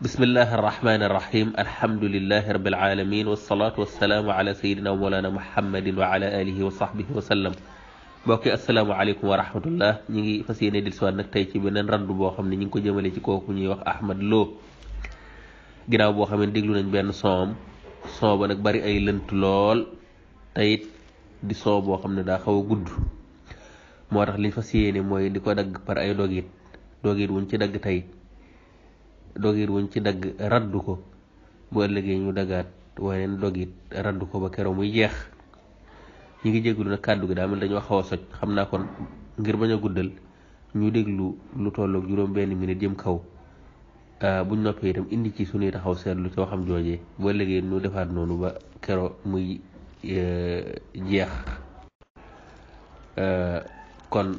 بسم الله الرحمن الرحيم الحمد لله رب العالمين والصلاة والسلام على سيدنا مولانا محمد وعلى آله وصحبه وسلم بوكي السلام عليكم ورحمة الله نيجي فسينا دل سوال نكتاي كي بنان رندو بوخم ني نكو جمالي تي كوكو ني واخ أحمد لو غيناو بوخم ني ديغلو نيج بن صوم صوم با نك بري اي لنت لول تايت دي صوم بوخم ني دا خاوا غود موتاخ لي فسيني موي ديكو دغ بار اي دوغيت دوغيت وون سي دغ تايت dogir wuñ ci dagg raddu ko bu ëllëgee ñu dagaat waneen dogit raddu ko ba kero muy jeex ñi ngi jéglu nag kàddu gi daa mel dañu wax xawa soj xam naa kon ngir bañ a guddal ñu déglu lu tolloog juróom-benn minute jëm kaw ah, buñ noppee itam indi ci suñuy taxaw seetlu ci waxam joojee bu ëllëgee ñu defaat noonu ba kero muy eh, jeex ah, kon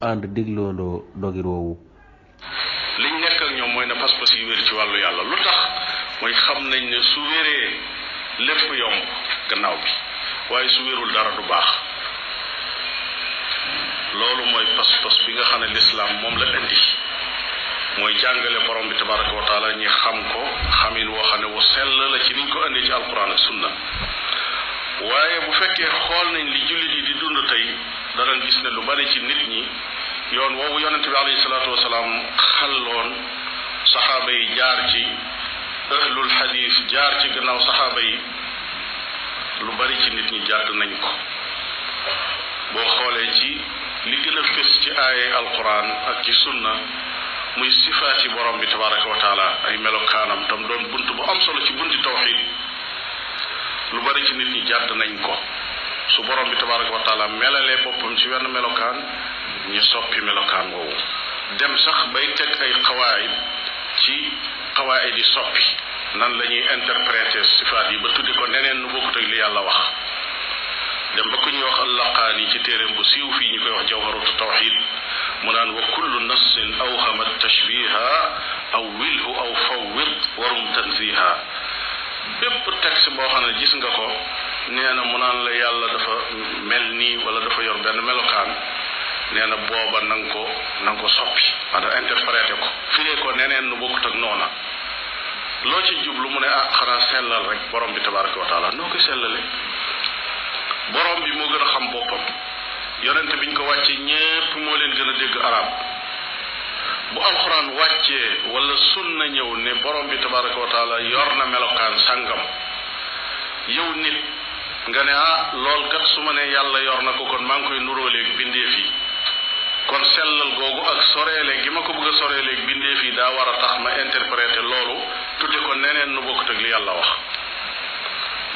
ànd dégloondoo dogir woowu fas yi wér ci wàllu yàlla lu tax mooy xam nañ ne su wéree lépp yomb gannaaw bi waaye su wérul dara du baax loolu mooy pas-pas bi nga xam ne lislaam moom la indi mooy jàngale borom bi tabaraka wa taala ñi xam ko xamin woo xam ne wu sell la ci niñ ko indee ci alquran ak sunna waaye bu fekkee xool nañ li jullit yi di dund tey danañ gis ne lu bari ci nit ñi yoon woowu yonente bi alayhi salaatu wasalaam xalloon saxaaba yi jaar ci ahlul xadiis jaar ci gannaaw saxaaba yi lu bari ci nit ñi jàdd nañ ko boo xoolee ci li gën a fés ci aaye alquran ak ci sunna muy sifaati borom bi tabaraka wa ay melokaanam tam doon bunt bu am solo ci bunti tawxid lu bari ci nit ñi jàdd nañ ko su borom bi tabaraka wa taala melalee boppam ci wenn melokaan ñu soppi melokaan woowu dem sax bay teg ay xawaayit ci xawaay di soppi nan la ñuy interpréter sifaat yi ba tuddi ko neneen nu bokkut ak li yàlla wax dem ba ku ñuy wax allaqaani ci téeréem bu siiw fii ñu koy wax jawharatu tawxid mu naan wa kullu nafsin awhama tashbiha aw wilhu aw fawwid warum tanziha bépp texte boo xam ne gis nga ko nee na mu naan la yàlla dafa mel nii wala dafa yor benn melokaan neena booba nang ko nang ko soppi ada interprété ko fiire ko neneen nu bokkut ak noona loo ci jublu mu ne ah xana sellal rek borom bi tabaraka wa taala noo koy sellale borom bi moo gën a xam boppam yonente biñ ko wàcce ñépp moo leen gën a dégg arab bu alquran wàcce wala sunna ñëw ne borom bi tabaraka wa taala yor na melokaan sangam yow nit nga ne ah lool kat su ma ne yàlla yor na ko kon maa ngi koy nuróoleeg bindee fii kon sellal googu ak soreele gi ma ko bëgg a soreeleeg bindee fii daa war a tax ma interpréter loolu tudde ko neneen nu bokkut ak li yàlla wax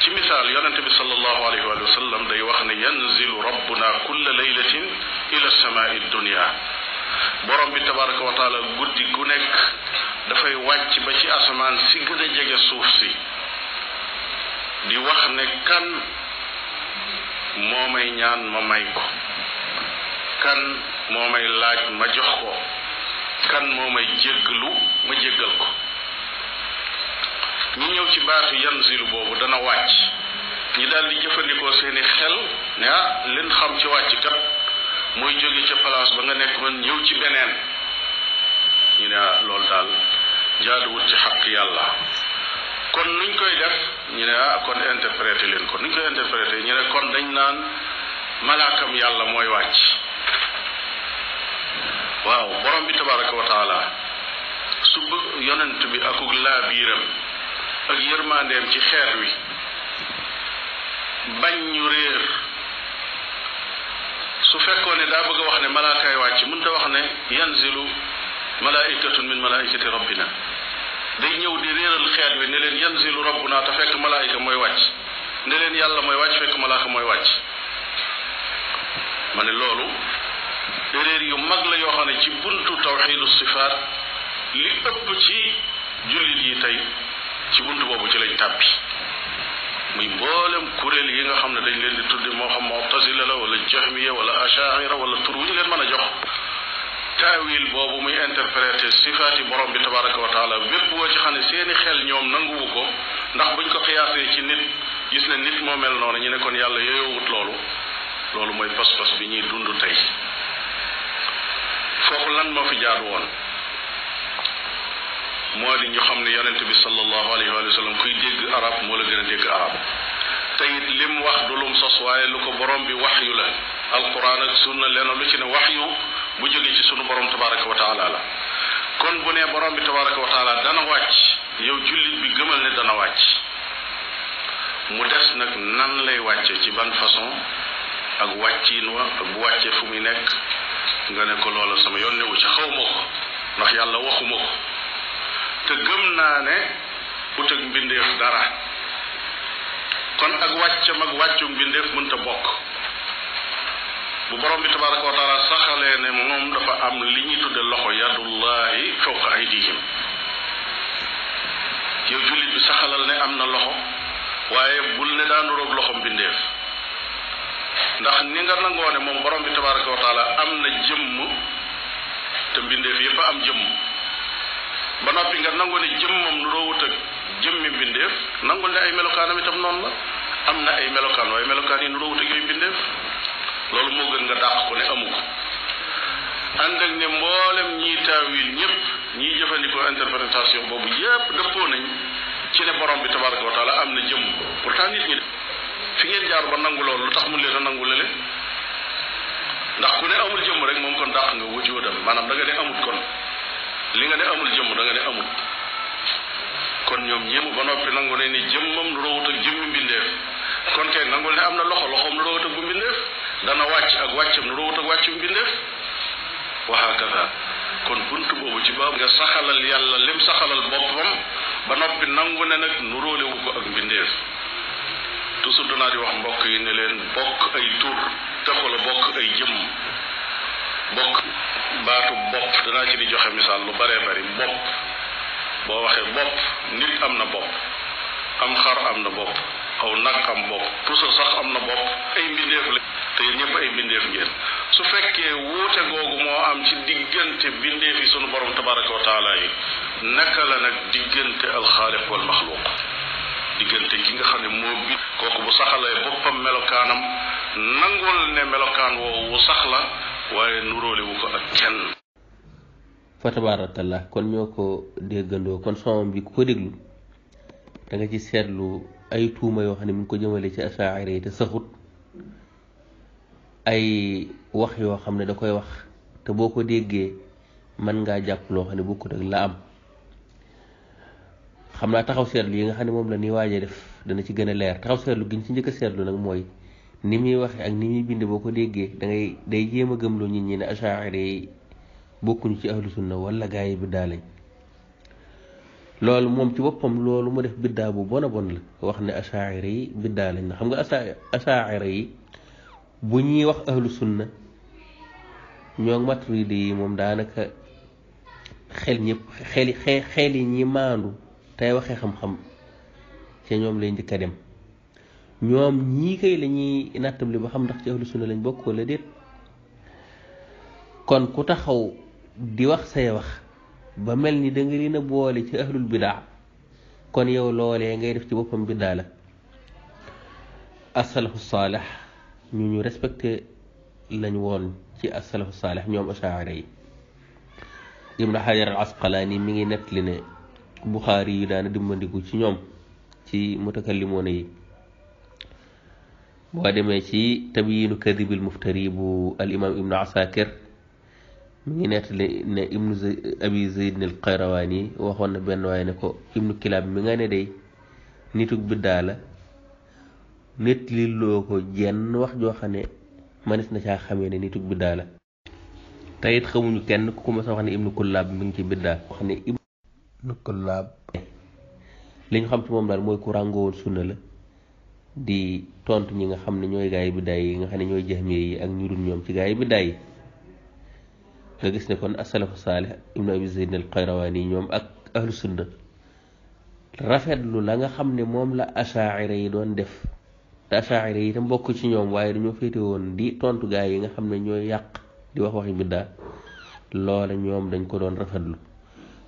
ci misaal yonente bi salallahu alayhi wa sallam day wax ne yanzilu rabbuna kulla laylatin ila samaai dunia borom bi tabaraka wa taala guddi gu nekk dafay wàcc ba ci asamaan si gën a jege suuf si di wax ne kan moo may ñaan ma may ko kan momay laaj ma jox ko kan momay jéggalu ma jéggal ko ñu ñëw ci baatu yanzilu boobu dana wàcc ñi daal di jëfandikoo seeni xel ne ah lin xam ci wàcc kat mooy jóge ca place ba nga nekk man ñëw ci beneen ñu ne ah loolu daal jaaduwut ci xaq yàlla kon nuñ koy def ñu ne ah kon interpréter leen ko nuñ koy interpréter ñu ne kon dañ naan malaakam yàlla mooy wàcc waaw borom bi tabaraka wa taala su bëgg yonent bi akuk laa biiram ak yërmandeem ci xeet wi bañ ñu réer su fekkoon ne daa bëgg a wax ne malaakaay wàcc mënta wax ne yanzilu malaikatun min malaikati rabbina day ñëw di réeral xeet wi ne leen yanzilu rabbuna te fekk malaayika mooy wàcc ne leen yàlla mooy wàcc fekk malaaka mooy wàcc ma ne loolu réer yu mag la yoo xam ne ci buntu tawxidu sifaat li ëpp ci jullit yi tey ci bunt boobu ci lañ tàbbi muy mboolem kuréel yi nga xam ne dañ leen di tudde moo xam mu'tazila la wala jahmiya wala ashaira wala tur wu leen mën a jox taawil boobu muy interpréter sifaati borom bi tabaraka wa taala bépp woo ci xam ne seeni xel ñoom nanguwu ko ndax buñ ko xiyaasee ci nit gis ne nit moo mel noonu ñu ne kon yàlla wut loolu loolu mooy pas-pas bi ñuy dund tey kooku lan moo fi jaadu woon moo di ñu xam ne yonent bi sallallahu alayhi wa sallam kuy dégg arab moo la gën a dégg arab te it lim wax du lum sos waaye lu ko borom bi waxyu la alquran ak sunna lenn lu ci ne waxyu bu jóge ci sunu borom tabaraka wa taala la kon bu ne borom bi tabaraka wa taala dana wàcc yow jullit bi gëmal ne dana wàcc mu des nag nan lay wàcce ci ban façon ak wàcciin wa ak bu wàccee fu muy nekk ngane ko loola sama yonne wu ci xaw ma ko ndax yàlla waxuma ko te gëm naa ne ut ak mbindeef dara kon ak wàccam ak wàccu mbindeef mënta bokk bu borom bi tabaraka wa taala saxalee ne moom dafa am li ñuy tudde loxo yadullahi fawqa aydihim yow julit bi saxalal ne am na loxo waaye bul ne daa nuroog loxo mbindeef ndax ni nga nangoo moom borom bi tabaraka wa taala am na jëmm te mbindeef yépp am jëmm ba noppi nga nangu ne jëmmam nu doo wut ak jëmmi mbindeef nangul ne ay melokaanam itam noonu la am na ay melokaan waaye melokaan yi nu doo wut ak yooyu mbindeef loolu moo gën nga dàq ko ne amu ko ànd ak ne mboolem ñiy taawil ñépp ñiy jëfandikoo interprétation boobu yépp dëppoo nañ ci ne borom bi tabaraka wa taala am na jëmm pourtant nit ñi fi ngeen jaar ba nangu loolu lu tax mun leen a nangu lële ndax ku ne amul jëmm rek moom kon dàq nga wujuudam maanaam da nga ne amut kon li nga ne amul jëmm da nga amut kon ñoom ñépp ba noppi nangu ne ni jëmmam lu roowut ak jëmmi mbindeef kon kay nangul ne am na loxo loxoom lu roowut dana wàcc ak wàccam lu roowut ak wàccu mbindeef wa kon bunt boobu ci baabu nga saxalal yàlla lim saxalal boppam ba noppi nangu ne nag nu róolewu ko ak mbindeef toujours danaa di wax mbokk yi ne leen bokk ay tur taxul bokk ay jëm bokk baatu bopp danaa ci di joxe misaal lu bare bari bopp boo waxee bopp nit am na bopp am xar am na bopp aw nag am bopp pusa sax am na bopp ay mbindeef la te yéen ñëpp ay mbindeef ngeen su fekkee wuute googu moo am ci diggante bindeef yi sunu borom tabaraka wa taala yi naka la nag diggante alxaaliq wal maxluuq diggante ki nga xam ne moo bi kooku bu saxalee boppam melokaanam nangul ne melokaan woowu sax la waaye nuróolewu ko ak kenn fa tabarakallah kon ñoo ko déggandoo kon soomam bi ku ko déglu da ci seetlu ay tuuma yoo xam ne mu ngi ko jëmale ci asaacira yi te saxut ay wax yoo xam ne da koy wax te boo ko déggee mën ngaa jàpp loo xam ne bokkut ak la am xam naa taxaw seetlu yi nga xam ne moom la ñuy waaj def dana ci gën a leer taxaw seetlu gi ñu ci njëkk seetlu nag mooy ni muy waxe ak ni muy bind boo ko déggee dangay day jéem a gëmloo nit ñi ne achaari bokkuñu ci ahlu sunna wala gaa yi biddaa lañ loolu moom ci boppam loolu mu def biddaa bu bon a la wax ne achaari yi biddaa lañ na xam nga achaari yi bu ñuy wax ahlu sunna ñoo ngi maturidi yi moom daanaka xel ñëpp xel yi ñi maandu tey waxe xam-xam ca ñoom lañ njëkk a dem ñoom ñii kay la ñuy li ba xam ndax ci ahlu sunna lañ bokk wala déet kon ku taxaw di wax say wax ba mel ni da nga leen boole ci ahlul bidaa kon yow loolee ngay def ci boppam biddaa la asalafu saalex ñu ñu respecté lañ woon ci asalafu saalex ñoom achaara yi ibnu xajar al asqalaani mi ngi nettali ne buxaari yi daana dimbandiku ci ñoom ci mutakallimoona yi boo demee ci tabyiinu kadibil muftari bu al imam ibnu asakir mi ngi nettali ne ibnu abi zayd al yi waxoon na benn waaye ne ko ibnu kilaab mi nga ne day nitug biddaa la nit li loo ko jenn wax joo xam ne manis na caa xamee ne nitug biddaa la te xamuñu kenn ku ko wax ne ibnu kullaab mi ngi ci biddaa wax ne lu ko li ñu xam ci moom daal mooy ku ràngowoon sunna la di tontu ñi nga xam ne ñooy gaay bi daay yi nga xam ne ñooy jaxmi yi ak ñu ñoom ci gaay bi daay nga kon asalafu saalih ibnu abi zayd yi ñoom ak ahlu sunna rafetlu la nga xam ne moom la achaira yi doon def te achaira yi itam mbokk ci ñoom waaye dañoo féete woon di tontu gaay yi nga xam ne ñooy yàq di wax waxi biddaa loola ñoom dañ ko doon rafetlu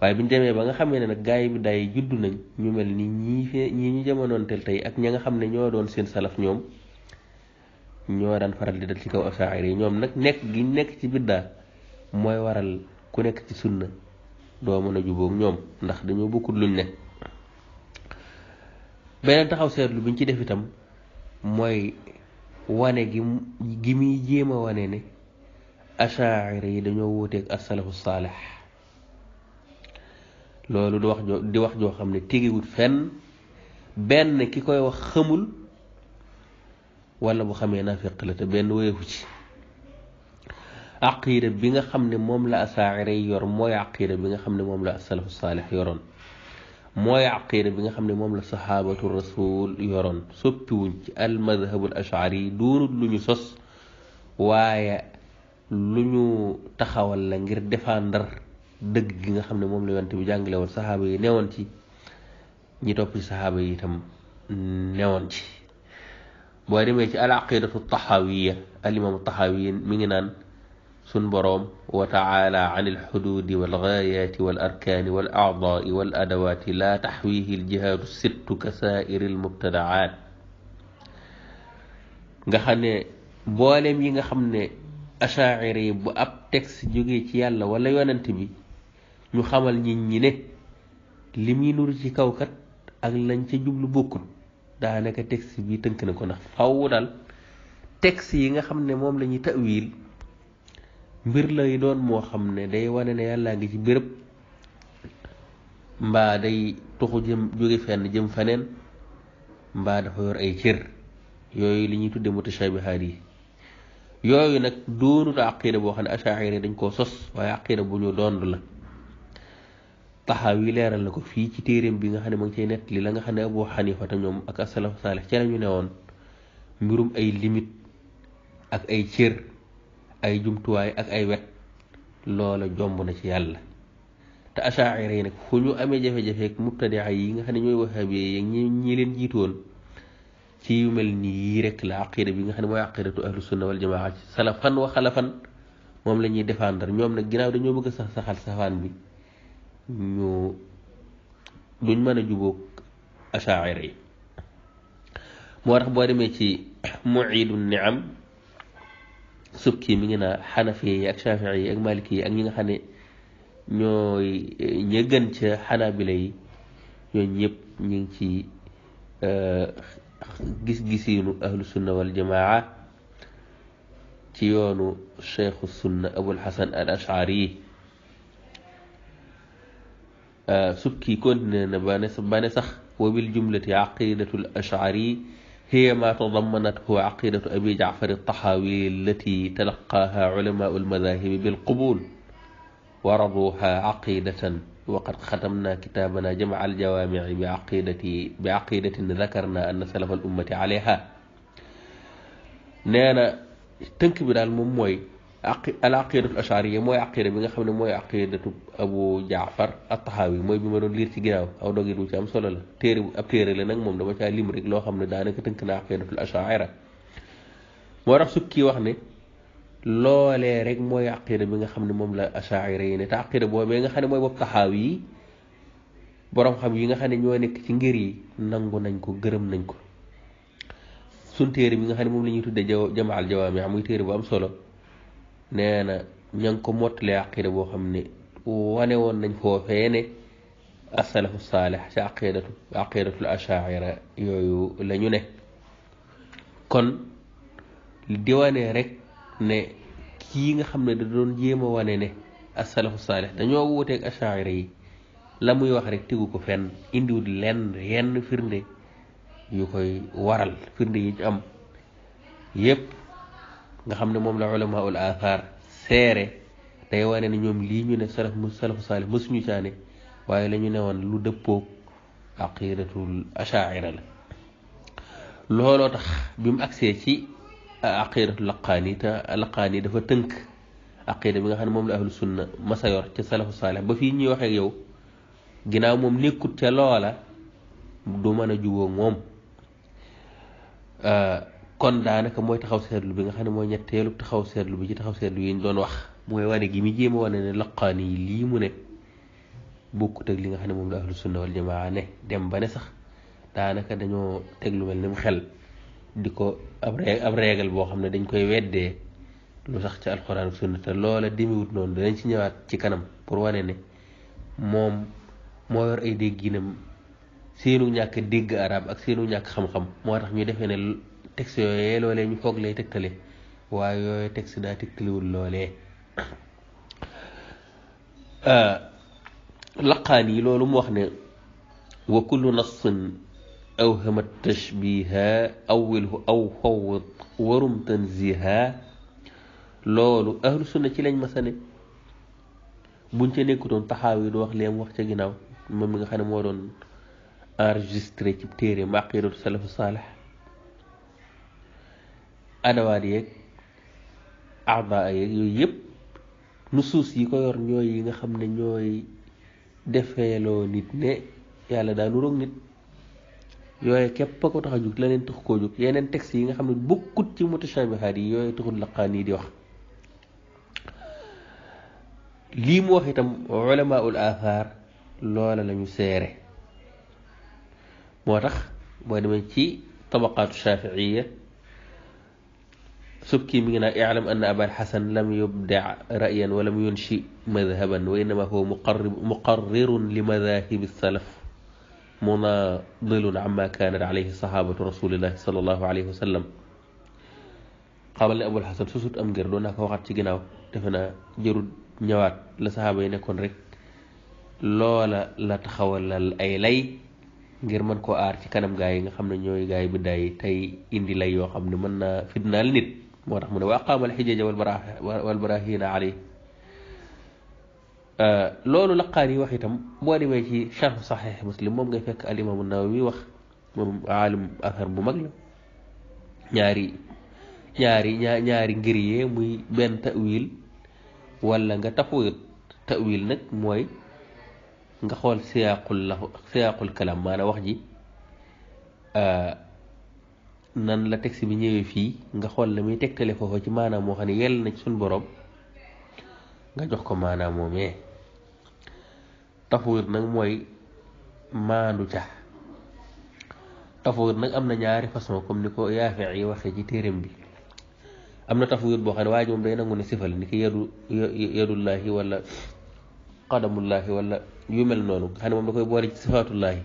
waaye bi ñu demee ba nga xamee ne nag gaay bi day juddu nañ ñu mel ni ñii fee ñii ñu jamonoon tel tey ak ña nga xam ne ñoo doon seen salaf ñoom ñoo daan faral di dal ci kaw asaari yi ñoom nag nekk gi nekk ci biddaa mooy waral ku nekk ci sunna doo mën a jubóog ñoom ndax dañoo bokkul luñ ne beneen taxaw seetlu bi ñu ci def itam mooy wane gi muy jéem a wane ne asaari yi dañoo wuuteeg asalafu saalex loolu di wax di wax jo xamne tegi wut fenn ben ki koy wax xamul wala bu xame nafiq la te ben wéyeku ci aqira bi nga xamne mom la asaacire yor moy aqira bi nga xamne mom la salafu salih yoron moy aqira bi nga xamne mom la sahabatu rasul yoron soppi wuñ ci al madhhab al ash'ari duru luñu sos waye luñu taxawal la ngir defandar dëgg gi nga xam ne moom la yonte bi jàngale woon saxaaba yi newoon ci ñi topp ci saxaaba yi itam newoon ci boo demee ci al aqidatu taxawiya al imam taxawiya mi ngi naan sun boroom wa taala an alxuduudi walgaayaati wal arkaani wal acdaai wal adawaati laa taxwiihi aljihaadu sittu ka saairi almubtadaat nga xam ne mboolem yi nga xam ne achaaciri bu ab texte jógee ci yàlla wala yonent bi ñu xamal nit ñi ne li muy nuru ci kaw kat ak lañ ca jublu bokkul daanaka texte bi tënk na ko ndax faww daal texte yi nga xam ne moom lañuy ta tawil mbir lay doon moo xam ne day wane ne yàllaa ngi ci bërëb mbaa day tuxu jëm fenn jëm feneen mbaa dafa yor ay cër yooyu li ñuy tudde mutashabihaat yi yooyu nag doonut a aqida boo xam ne ashaari dañ koo sos waaye aqida bu ñu dond la taxaw yi leeral na ko fii ci téeréem bi nga xam ne ma ngi cay nettali la nga xam ne Abu Xanifa te ñoom ak asalafu saalix ci lañu newoon mbirum ay limite ak ay cër ay jumtuwaay ak ay wet loola jomb na ci yàlla te achaira yi nag fu ñu amee jafe-jafe ak mubtadia yi nga xam ne ñooy wahabi yi ñi ñi leen jiitoon ci yu mel nii yii rek la aqida bi nga xam ne mooy aqidatu ahlu sunna wal jamaa ci salafan wa xalafan moom la ñuy défendre ñoom nag ginnaaw dañoo bëgg sax saxaat safaan bi ñu duñ mën a jubóog achair yi moo tax boo demee ci muidu niam subki mi ngi naa xanafi yi yi ak maliki yi ak ñi nga xam ne ñooy ña gën ca xanaabila yi ñooñ ñëpp ñu ngi ci euh, gis-gisiinu ahlu sunna wal ci yoonu cheikhu sunna abul xasan al ashari yi آه، سبكي كون باني سخ وبالجملة عقيدة الأشعري هي ما تضمنته عقيدة أبي جعفر الطحاوي التي تلقاها علماء المذاهب بالقبول ورضوها عقيدة وقد ختمنا كتابنا جمع الجوامع بعقيدة بعقيدة ذكرنا أن سلف الأمة عليها نانا تنكبر المموي aqi al aqidatu ashariya mooy aqida bi nga xam ne mooy aqidatu abu jaafar at-tahawi mooy bi ma doon liir ci ginnaaw aw dog yi du ci am solo la téere ab téere la nag moom dama caa loo xam ne daanaka tënk na aqidatul ashaira moo tax sukki wax ne loolee rek mooy aqida bi nga xam ne moom la ashaira yi ne te aqida boobee nga xam ne mooy bopp taxaaw yi borom xam yi nga xam ne ñoo nekk ci ngir yi nangu nañ ko gërëm nañ ko sun bi nga xam ne moom la ñuy tudde jamaal jawaami muy téere bu am solo nee na ña ngi ko mottalee aqida boo xam ne wane woon nañ foofee ne asalafu saalih ci aqidatu aqidatul yooyu lañu ne kon di wane rek ne kii nga xam ne da doon jéem wane ne asalafu saalih dañoo wuuteeg achaira yi la muy wax rek tigu ko fenn indiwul lenn yenn firnde yu koy waral firnde yi am yépp nga xam ne moom la ulama ul athar seere day wane ne ñoom lii ñu ne salaf mu salafu saalih waaye lañu ne woon lu dëppoog aqidatul ashaira la looloo tax bi mu agsee ci aqidatul laqaani te laqaani dafa tënk aqida bi nga xam ne moom la ahlu sunna masa yor ca salafu saalih ba fii ñuy waxee yow ginnaaw moom nekkut ca loola du mën a jubóo moom kon daanaka mooy taxaw seetlu bi nga xam ne mooy ñetteelu taxaw seetlu bi ci taxaw seetlu yi ñu doon wax mooy war gi mu jéem a wane ne laqaani yi lii mu ne bokkut ak li nga xam ne moom la ahlu sunna wal jamaa ne dem ba sax daanaka dañoo teg lu mel xel di ko ab boo xam ne dañ koy weddee lu ci alxuraan ak te loola demewut noonu danañ ci ñëwaat ci kanam pour wane ne moom moo yor ay dégginam seenu ñàkk dégg arab ak seenu ñàkk xam-xam moo tax ñu defee ne texte yooyee loolee ñu foog lay tegtale waaye yooyu texte daa tegtaliwul loolee laqaan yi loolu mu wax ne wa kullu nassin أوهم التشبيه أوله أو فوض ورم تنزيها loolu ahlu sunna ci lañ masane buñ ca nekkutoon taxaaw yi du wax leem wax ca ginnaaw moom mi nga xam ne moo doon enregistré ci téere maqiidatu salafu saalax adawaat yeeg aada yooyu yëpp nu suus yi ko yor ñooy yi nga xam ne ñooy defeeloo nit ne yàlla daanu roog nit yooye képp a ko tax a jóg leneen taxu koo jóg yeneen texte yi nga xam ne bokkut ci mutashabihaat yi yooye taxul laqaan yi di wax lii mu wax itam ulamaul athar loola la seere moo tax boo demee ci tabaqaatu shafiiya سبكي منا اعلم ان ابا الحسن لم يبدع رايا ولم ينشئ مذهبا وانما هو مقرب مقرر لمذاهب السلف مناضل عما كان عليه صحابه رسول الله صلى الله عليه وسلم قبل ابو الحسن سوسوت ام غير دونا كو خات سي غيناو دفنا جيرو نيوات لا صحابه نيكون ريك لولا لا تخول اي لي غير من كو ار سي كانم غاي غا خامنا نيوي غاي بداي تاي اندي لا يو خامني من فدنا نيت moo tax mu ne wa aqaama alxijaja wal barahina aley euh, loolu laqaan yi wax itam boo demee ci charxu saxiix muslim moom ngay fekk al imaamu nawawi wax moom aalim affaire bu mag la ñaari ñaari ñaari ngir yee muy benn tawil wala nga tafwid tawil nag mooy nga xool siyaaqul la siyaaqul kalaam maanaam wax ji euh, nan la texte bi ñëwee fii nga xool la muy teg tegtale foofa ci maanaam moo xam ne yell na ci suñ borom nga jox ko maanaam moomee tafwid nag mooy maandu ca tafwid nag am na ñaari façon comme ni ko Yaafi yi waxee ci téereem bi am na tafwid boo xam ne waa ji moom day nangu ne sifal ni ki yadu yadullaahi wala qadamullaahi wala yu mel noonu xam ne moom da koy boole ci sifaatullaahi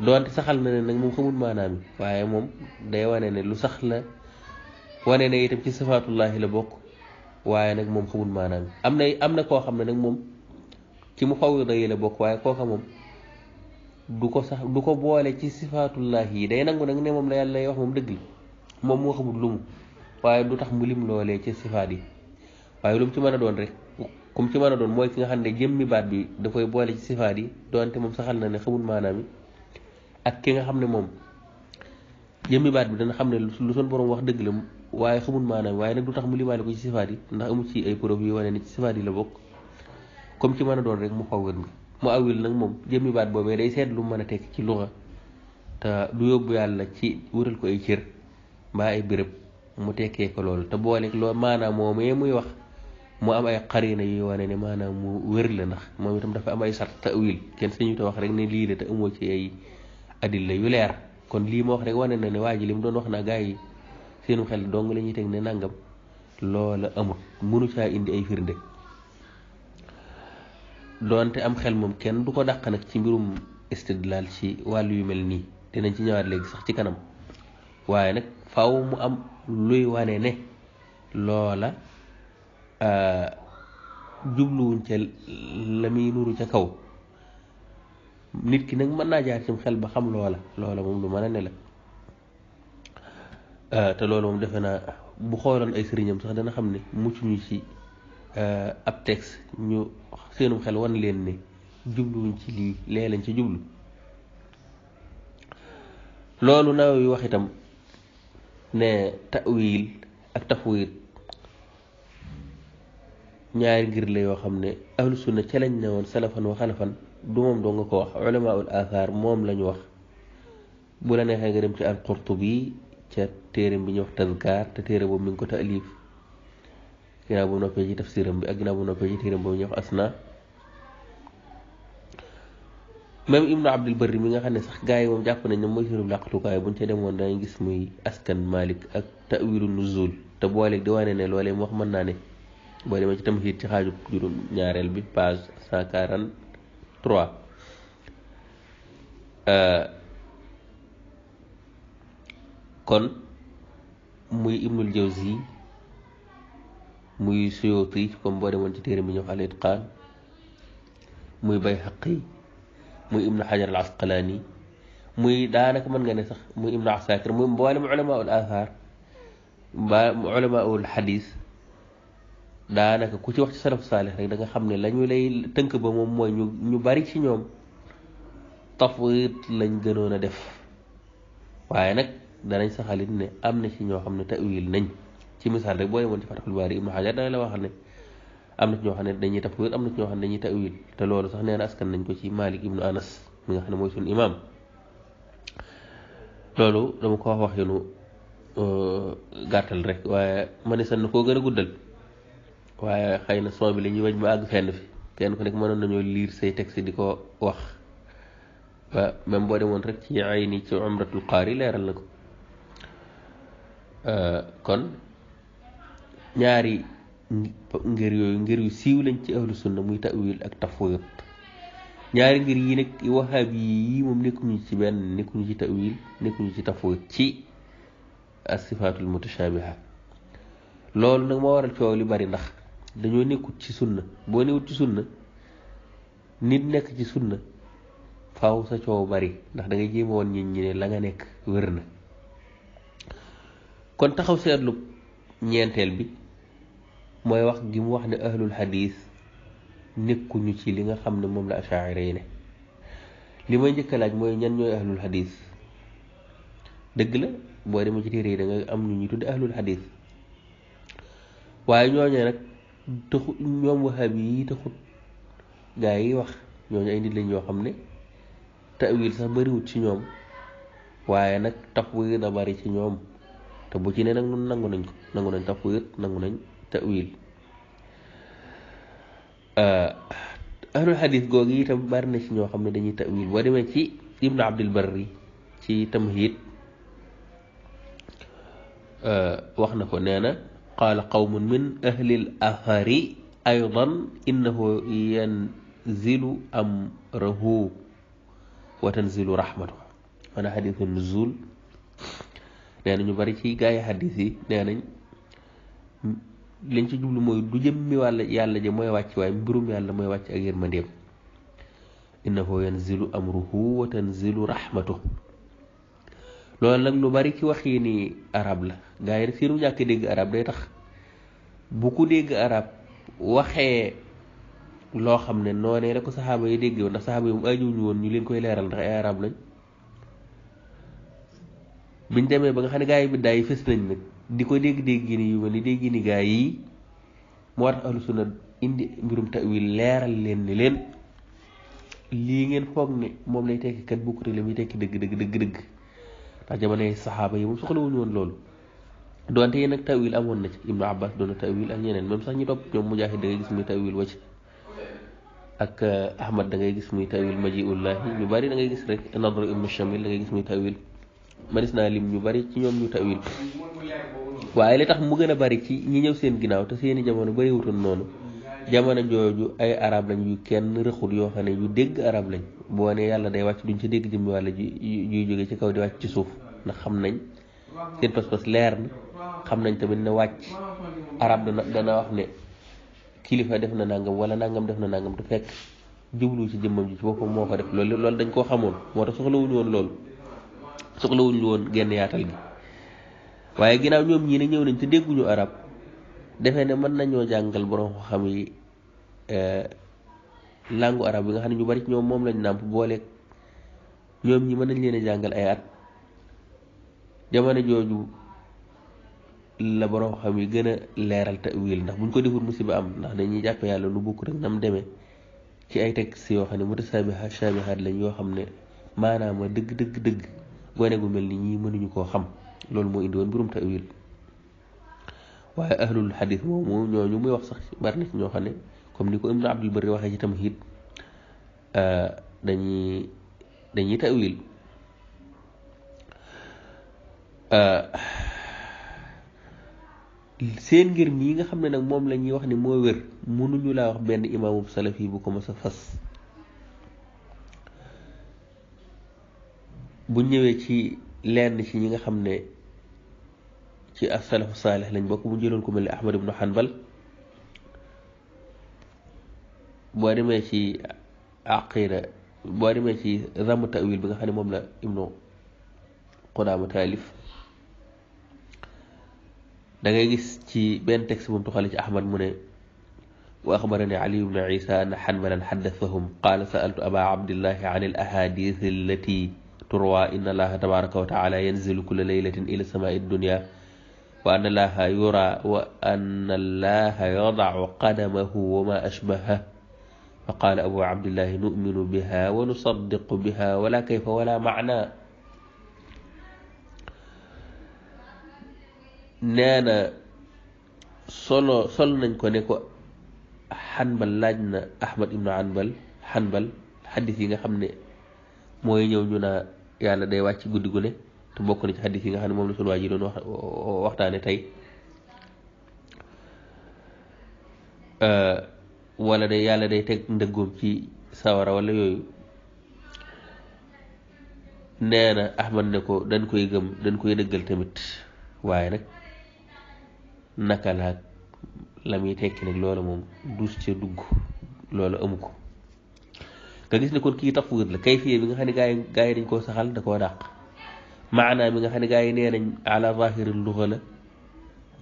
doonte saxal na ne nag moom xamul maanaam yi waaye moom day wane ne lu sax la wane ne itam ci sifaatullaahi la bokk waaye nag moom xamul maanaam yi am na am na koo xam ne nag moom ci mu fawwida yi la bokk waaye kooka moom du ko sax du ko boole ci sifaatullaahi yi day nangu nag ne moom la yàlla lay wax moom dëgg la moom moo xamul lu waaye du tax mu lim loolee ci sifaat yi waaye lu mu a doon rek ku mu ci mën a doon mooy ki nga xam ne jëmmi baat bi da koy boole ci sifaat yi doonte moom saxal na ne xamul maanaam yi ak ki nga xam ne moom jëmmi baat bi dana xam ne lu son boroom wax dëgg la waaye xamul maanaam waaye nag du tax mu limaale ko ci sifaat yi ndax amul ci ay preuve yu wane ni ci la bokk comme ci mën a doon rek mu xawwil nga mu awil nag moom jëmmi baat boobee day seet lu mën a tekk ci luxa te du yóbbu yàlla ci wutal ko ay cër mbaa ay béréb mu tekkee ko loolu te booleeg loo maanaam moomee muy wax mu am ay xarina yu wane ne maanaam mu wér la ndax moom itam dafa am ay sart ta'wil kenn sañu te wax rek ne lii de te amoo ci ay adil yu leer kon lii ma wax rek wane na ne waa ji li doon wax naa gaa yi seenum xel dong lañuy teg ne nangam loola amut mënu caa indi ay firnde doonte am xel moom kenn du ko dàq nag ci mbirum istidlaal ci wàllu yu mel nii dinañ ci ñëwaat léegi sax ci kanam waaye nag faw mu am luy wane ne loola euh, jubluwuñ ca la muy nuru ca kaw nit ki nag mën naa jaar ci xel ba xam loola loola moom lu mën a ne euh, te loolu moom defe naa bu xooloon ay sëriñam sax dana xam ne mucc ñu ci euh, ab texte ñu seenum xel wan leen ne jubluwuñ ci lii lee lañ ci jublu loolu naaw yu wax itam ne ta'wil ak tafwid ñaari ngir la yoo xam ne ahlu sunna ca lañ woon salafan wa xalafan du moom doo nga ko wax ulamaul athar moom lañu wax bu la neexee nga dem ci al qurtubi ca téeram bi ñuy wax tazkar te téere boobu mi ngi ko taalif ginnaaw bu noppee ci tafsiram bi ak ginnaaw bu noppee ci téeram boobu ñuy wax asna même ibnu abdul barri mi nga xam ne sax gars yi moom nañ ne mooy seenub làqatukaay buñ demoon danañ gis muy askan malik ak tawilu nuzul te booleeg di wane ne loolee mu wax mën naa ne boole ma ci tamxiit ci xaaju juróom ñaareel bi page 140 3 kon muy ibnul jawzi muy suyuti comme boo demoon ci téere mi ñu wax al muy bay haqi muy ibnu hajar al asqalani muy daanaka mën nga ne sax muy ibnu asakir muy mboolem ulama ul athar ba ulama ul hadith daanaka ku ci wax ci salafu saalix rek danga xam ne la ñu lay tënk ba moom mooy ñu ñu bari ci ñoom tafwid lañ gënoon a def waaye nag danañ saxalit ne am na ci ñoo xam ne tawil nañ ci misaal rek boo yemoon ci Fatahul Baari Ibnu Hajar dana am na ci ñoo xam ne dañuy tafwid am na ci xam ne dañuy tawil te loolu sax nee na askan nañ ko ci Malik Ibnu Anas mi nga xam ne mooy suñu imaam loolu dama ko wax wax yoonu euh, gàttal rek waaye ma ne san na koo gën a guddal waaye xëy na son bi la ñuy wëñ ba àgg fenn fi kenn ku nekk mënoon nañoo liir say texte di ko wax ba même boo woon rek ci ay ni ci umratul kaari leeral na ko euh, kon ñaari ngir yooyu ngir yu siiw lañ ci ahlu sunna muy tawil ak tafwid ñaari ngir yi nag wahaab yi yii moom nekkuñu ci benn nekkuñu ci tawil nekkuñu ci tafwid ci asifaatul mutashabiha loolu nag moo waral coow li bari ndax dañoo nekkut ci sunna boo newut ci sunna nit nekk ci sunna faaw sa coow bari ndax da ngay jéem woon ñin ñi ne la nga nekk wér na kon taxaw seetlu ñeenteel bi mooy wax gi mu wax ne ahlul hadis nekkuñu ci li nga xam ne moom la ashaire ne li may njëkk laaj mooy ñan ñooy ahlul hadis dëgg la boo demee ci téere yi da nga am ñu ñu tudd ahlul hadis waaye ñooñu nag taxu ñoom wahabi yi taxut gaa yi wax ñooñu ay nit lañ yoo xam ne tawil sax bariwut ci ñoom waaye nag tafwid a bari ci ñoom te bu ci ne nag nun nangu nañ ko nangu nañ tafwid nangu nañ tawil ah, ahlul xadis googu itam bari na ci ñoo xam ne dañuy tawil boo demee ci ibnu abdul barri ci tamhid ah, wax na ko nee na qaala qawmun min ahli l athari aydan innahu yanzilu amrahu wa tanzilu rahmatuhu maanaam xadisu nuzul nee na ñu bari ci gaa yi xadis yi nee ci jublu mooy du jëmmi wàlla yàlla ji mooy wàcc waaye mbirum yàlla mooy wàcc ak yërmandeem innahu yanzilu amruhu wa tanzilu loolu nag lu bari ci waxiini arab la gaa yi nag seenu ñàkk dégg arab day tax bu ku dégg arab waxee loo xam ne noonee la ko saxaaba yi dégg woon ndax saxaaba yi mu ajuwuñu woon ñu leen koy leeral ndax ay arab lañ demee ba nga xam ne gaa yi biddaa yi fës di ko dégg dégg ni yi moo tax ahlu leen ni leen lii ngeen foog ni moom lay tekki kat bokkute la muy tekki dëgg dëgg dëgg dëgg ndax jamonoy saxaaba yi moom soxlawuñu woon loolu donte yéen nag tawil amoon na ci ibnu abbas doon na tawil ak ñeneen même sax ñu topp ñoom mujahid da ngay gis muy tawil wacc ak eh, ahmad da ngay gis muy tawil majiullahi ñu bari da ngay gis rek nadr ibnu shamil da ngay gis muy tawil manis naa lim ñu bari ci ñoom ñu tawil waaye li tax mu gën a bari ci ñi ñëw seen ginnaaw te seeni jamono bari wutoon noonu jamono jooju ay arab lañ yu kenn rëxul yoo xam ne yu dégg arab lañ boo ne yàlla day wàcc duñ ci dégg jëmmi wàlla ji yuy jóge ci kaw di wàcc ci suuf ndax xam nañ seen pas-pas leer na xam nañ tamit ne wàcc arab dana dana wax ne kilifa def na nangam wala nangam def na nangam du fekk jublu ci jëmmam ji ci moo ko def loolu loolu dañ koo xamoon moo tax soxlawuñu woon loolu soxlawuñu woon genn yaatal gi waaye ginnaaw ñoom ñii ne ñëw nañ te dégguñu arab defe ne mën nañoo jàngal borom xam yi Eh, langue arab bi nga xam ne ñu bari ñoom moom lañu nàmp booleeg ñoom ñi mën nañ leen jàngal ay at jamono jooju la borom xam yi gën a leeral ta'wil ndax buñ ko deful musiba am ndax dañuy jàpp yàlla lu bokk rek nam demee ci ay textes yoo xam ne mutasaabiha shaabihaat lañ yoo xam ne maanaam dëgg dëgg dëgg gone gu mel ni ñii mënuñu koo xam loolu moo indi woon mbirum ta'wil waaye ahlul xadis moom ñooñu muy wax sax bari na ci ñoo xam ne comme ni ko ibnu abdul bari waxee ci tamhid euh, dañuy dañuy tawil euh, seen ngir mii nga xam ne nag moom la ñuy wax ni moo wér mënuñu laa wax benn imaamu salafi bu ko mës a fas bu ñëwee ci lenn ci ñi nga xam ne ci asalafu saalih lañ bokk mu jëloon ko mel ni Ahmad ibnu boo demee ci aqira boo demee تأويل ramu tawil bi nga xam ne moom la ibnu qudaama taalif da ngay gis ci وأخبرني علي بن عيسى أن حنبلا حدثهم قال سألت أبا عبد الله عن الأحاديث التي تروى إن الله تبارك وتعالى ينزل كل ليلة إلى سماء الدنيا وأن الله يرى وأن الله يضع قدمه وما أشبهه fa qaala abu abdillahi numinu biha wa nusaddiqu biha wala kayfa wala maana nee sol nañ ko ne ko xanbal laaj na ahmad ibnu anbal xanbal xaddis nga xam ne mooy ñëw ñu naa yàlla day wàcc guddi gu ne bokk na ci yi nga xam ne moom la sunu waa doon wax waxtaane tey wala day yàlla day teg ndëggoom ci sawara wala yooyu nee na Ahmad ne ko dañ koy gëm dañ koy dëggal tamit waaye nag naka la la muy tekki nag loola moom duus ca dugg loola amu ko nga gis ne kon kii tax tafwid la kayfiya bi nga xam ne gaa yi gaa dañ koo saxal da koo dàq maanaam bi nga xam ne gaa yi nee nañ ala zahiril luxa la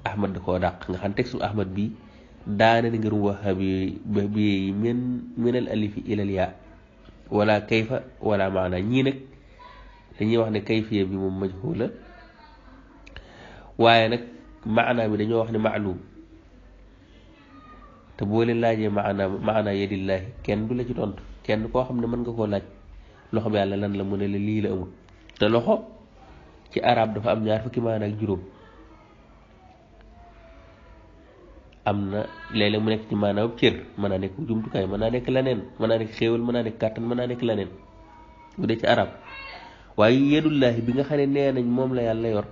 Ahmad da koo dàq nga xam teg textu Ahmad bii دان نغير وهابي من من الالف الى الياء ولا كيف ولا معنى ني نك دانيي واخني كيفيه بي موم مجهوله وايي نك معنى بي دانيي واخني معلوم تبول الله معنى معنى يد الله كين دولا جي تونت كين كو خامني من نغاكو لاج لوخو يالا لان لا مونيل لي لا امول تا لوخو تي عرب دا فا ام نيار فكي معنى جروم am na léeg-léeg mu nekk ci maanaam cër mën naa nekk jumtukaay mën naa nekk leneen mën a nekk xéewal mën a nekk kàttan mën naa nekk leneen bu dee ci arab waaye yedullaahi bi nga xam ne nee nañ moom la yàlla yor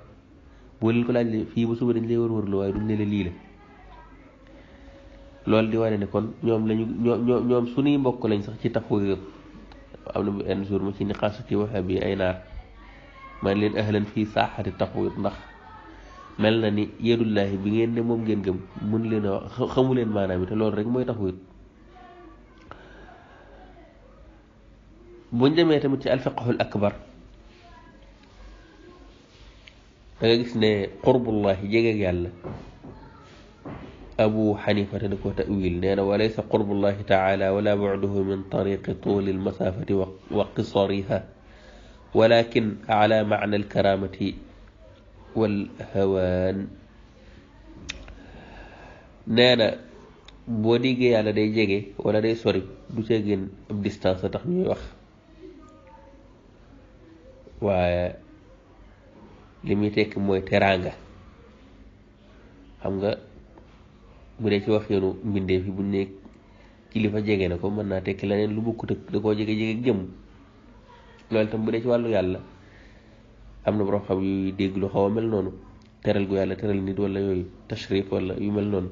boo leen ko laaj fii ba suba dañ lay wër-wër lu waaye duñ ne la lii la loolu di wane ne kon ñoom lañu ñoo ñoom mbokk lañ sax ci taxawu am na benn jour ma ci niqaasu ci waxe bi ay naar man leen ahlan fii saaxati taxawu ndax. mel na ni yedullaahi bi ngeen ne moom ngeen gëm mun leen a xamu leen maanaam yi te loolu rek mooy taxawit buñ demee tamit ci alfiqahul akbar da nga gis ne qurbullahi jege yàlla abu xanifa te da ko tawil nee na walaysa qurbullahi taala wala buduhu min tariqi tuuli almasaafati wa qisariha walakin ala macna alkaramati walhawaan nee na boo déggee yàlla day jege wala day sori du cee gën ab distance a ñuy wax waaye li muy tekki mooy teraanga xam nga bu dee ci wax yoonu mbindeef yi bu nekk kilifa jege na ko mën naa tekki leneen lu bokkut ak da koo jege jege jëm loolu tam bu dee ci wàllu yàlla am na borom xam yu dégg lu xaw mel noonu teral gu yàlla teral nit wala yooyu tashrif wala yu mel noonu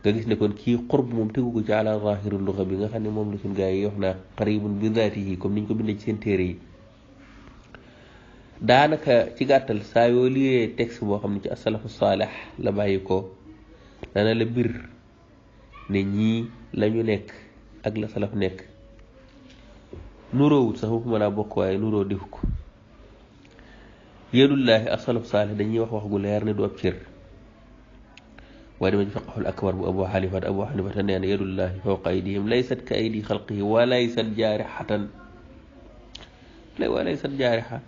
nga gis ne kon kii xurb moom tegu ko ci ala zahirul luxa bi nga xam ne moom la suñu gars yi wax naa xaribun bi yi comme niñ ko bindee ci seen téere daanaka ci gàttal saa yoo boo xam ne ci asalafu saalex la bàyyi ko dana bir ne ñii lañu nekk ak la salaf nekk nuroowut sax mu mën a bokk waaye nuroo def ko yeedullaahi ak salaf saalih dañuy wax wax gu leer ne du ab cër waaye dama ci fiqhul akbar bu abu xanifata abu xanifata nee na yeedullaahi fawqa aydi xalqihi wa laysat jaarixatan lay wa laysat jaarixa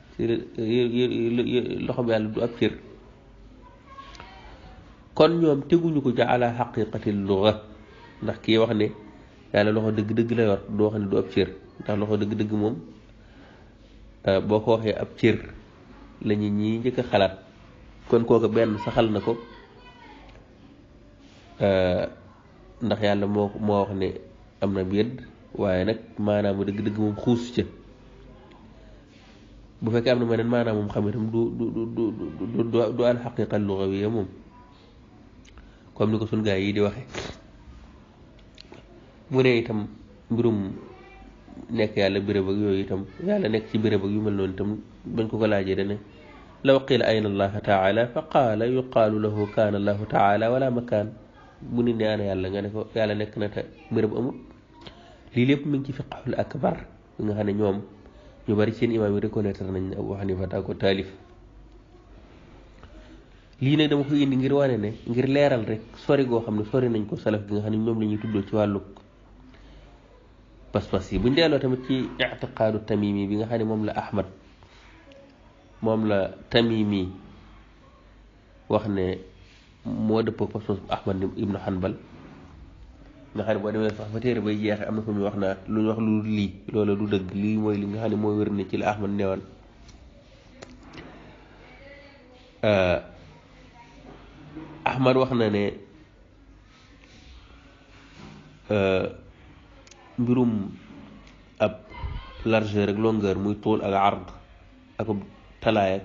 loxoom yàlla du ab cër kon ñoom teguñu ko ci ala xaqiqati luga ndax kii wax ne yàlla loxo dëgg-dëgg la yor doo xam ne du ab cër ndax loxo dëgg-dëgg moom euh, boo ko waxee ab cër la ñi ñii njëkk xalaat kon kooku benn saxal na ko euh, ndax yàlla moo moo wax ne am na bi yëdd waaye nag maanaam dëgg-dëgg moom xuus ca bu fekkee am na meneen maanaam moom xam itam du du du du du moom comme ni ko sunu gaay yi di waxe mu ne itam mbirum nekk yàlla béréb ak yooyu itam yàlla nekk ci bërëb ak yu mel noonu itam bañ ko ko laajee dane law qiila ayna allaha taala fa qaala yuqaalu lahu kaana allahu taala wala makaan bu nit ne ana yàlla nga ne ko yàlla nekk na te lii lépp mi ngi ci fiqhul akbar bi nga xam ne ñoom ñu bari seen yi reconnaître nañ Abu Hanifa daa ko taalif lii nag dama ko indi ngir wane ne ngir leeral rek sore goo xam ne sori nañ ko salaf gi nga xam ne ñoom la ñuy tuddoo ci wàllu pas bu yi buñ delloo tamit ci ictiqaadu tamimi bi nga xam ne moom la Ahmad moom la tamimi wax ne moo dëppoo pas-pas ahmad ibnu hanbal nga xam ne boo demee sax fa téere bay jeexe am na fu muy wax naa lu ñu wax lu lii loola du dëgg lii mooy li nga xam ne mooy wér ne ci la ahmad newoon euh, ahmad wax na ne euh, mbirum ab largeur ak longueur muy tool ak ard ak talaayag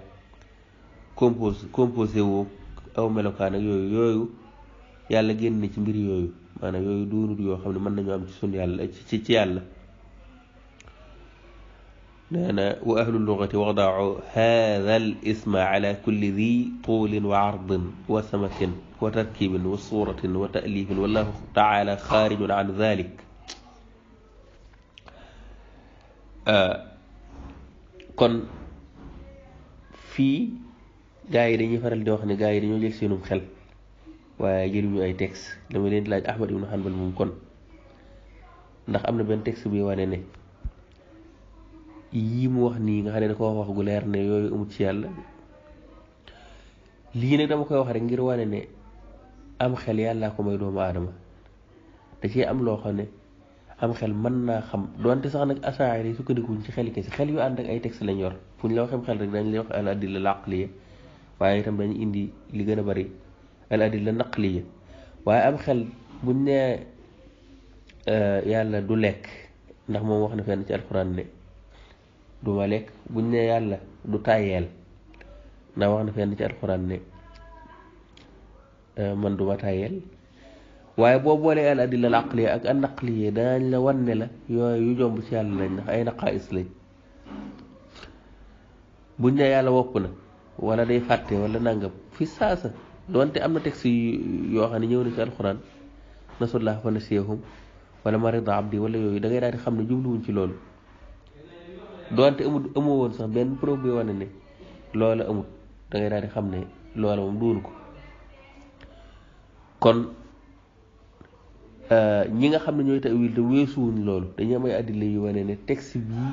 composé composé wu aw melokaan ak yooyu yooyu yàlla génn na ci mbir yooyu maanaam yooyu doonut yoo xam ne mën nañu am ci sun yàlla ci ci yàlla isma ala kulli وضعوا هذا wa على wa ذي wa وعرض wa وتركيب wa وتأليف والله تعالى خارج عن ذلك آه. كن fii gaa yi dañuy faral di wax ne gaa yi dañoo jël seenum xel waaye jëluñu ay texte dama leen di laaj Ahmad ibnu Hanbal moom kon ndax am na benn texte bi wane ne yii mu wax nii nga xam ne da ko wax gu leer ne yooyu amut ci yàlla lii ne dama koy wax rek ngir wane ne am xel yàllaa ko may doomu aadama da ci am loo xam ne am xel mën naa xam donte sax nag asaari yi sukkandikuñ ci xel xel yu ànd ak ay texte lañ yor fu ñu la waxee xel rek dañ lay wax al adilla laqliya waaye itam dañu indi li gën a bari al adilla naqliya waaye am xel buñ nee euh, yàlla du lekk ndax moom wax na fenn ci alquran ne du ma lekk buñ nee yàlla du tàyyeel ndax wax na fenn ci alquran ne euh, man du ma waaye boo boolee al adilla al aqliya ak al naqliya daañ la wan ne la yooyu yu jomb ci yàlla lañ ndax ay naqaais lañ buñ ne yàlla wopp na wala day fàtte wala nangam fi saasa donte am na texte yoo xam ne ñëw na ci alxuraan nasullah fa nasiyahum wala marida wala yooyu da ngay xam ne jubluwuñ ci loolu donte amul amoo woon sax benn preuve bi wane ne loola amul da ngay di xam ne loola moom duul ko Euh, ñi nga xam ne ñooy tawil te weesuwuñ loolu dañu am ay addila yu wane ne texte bii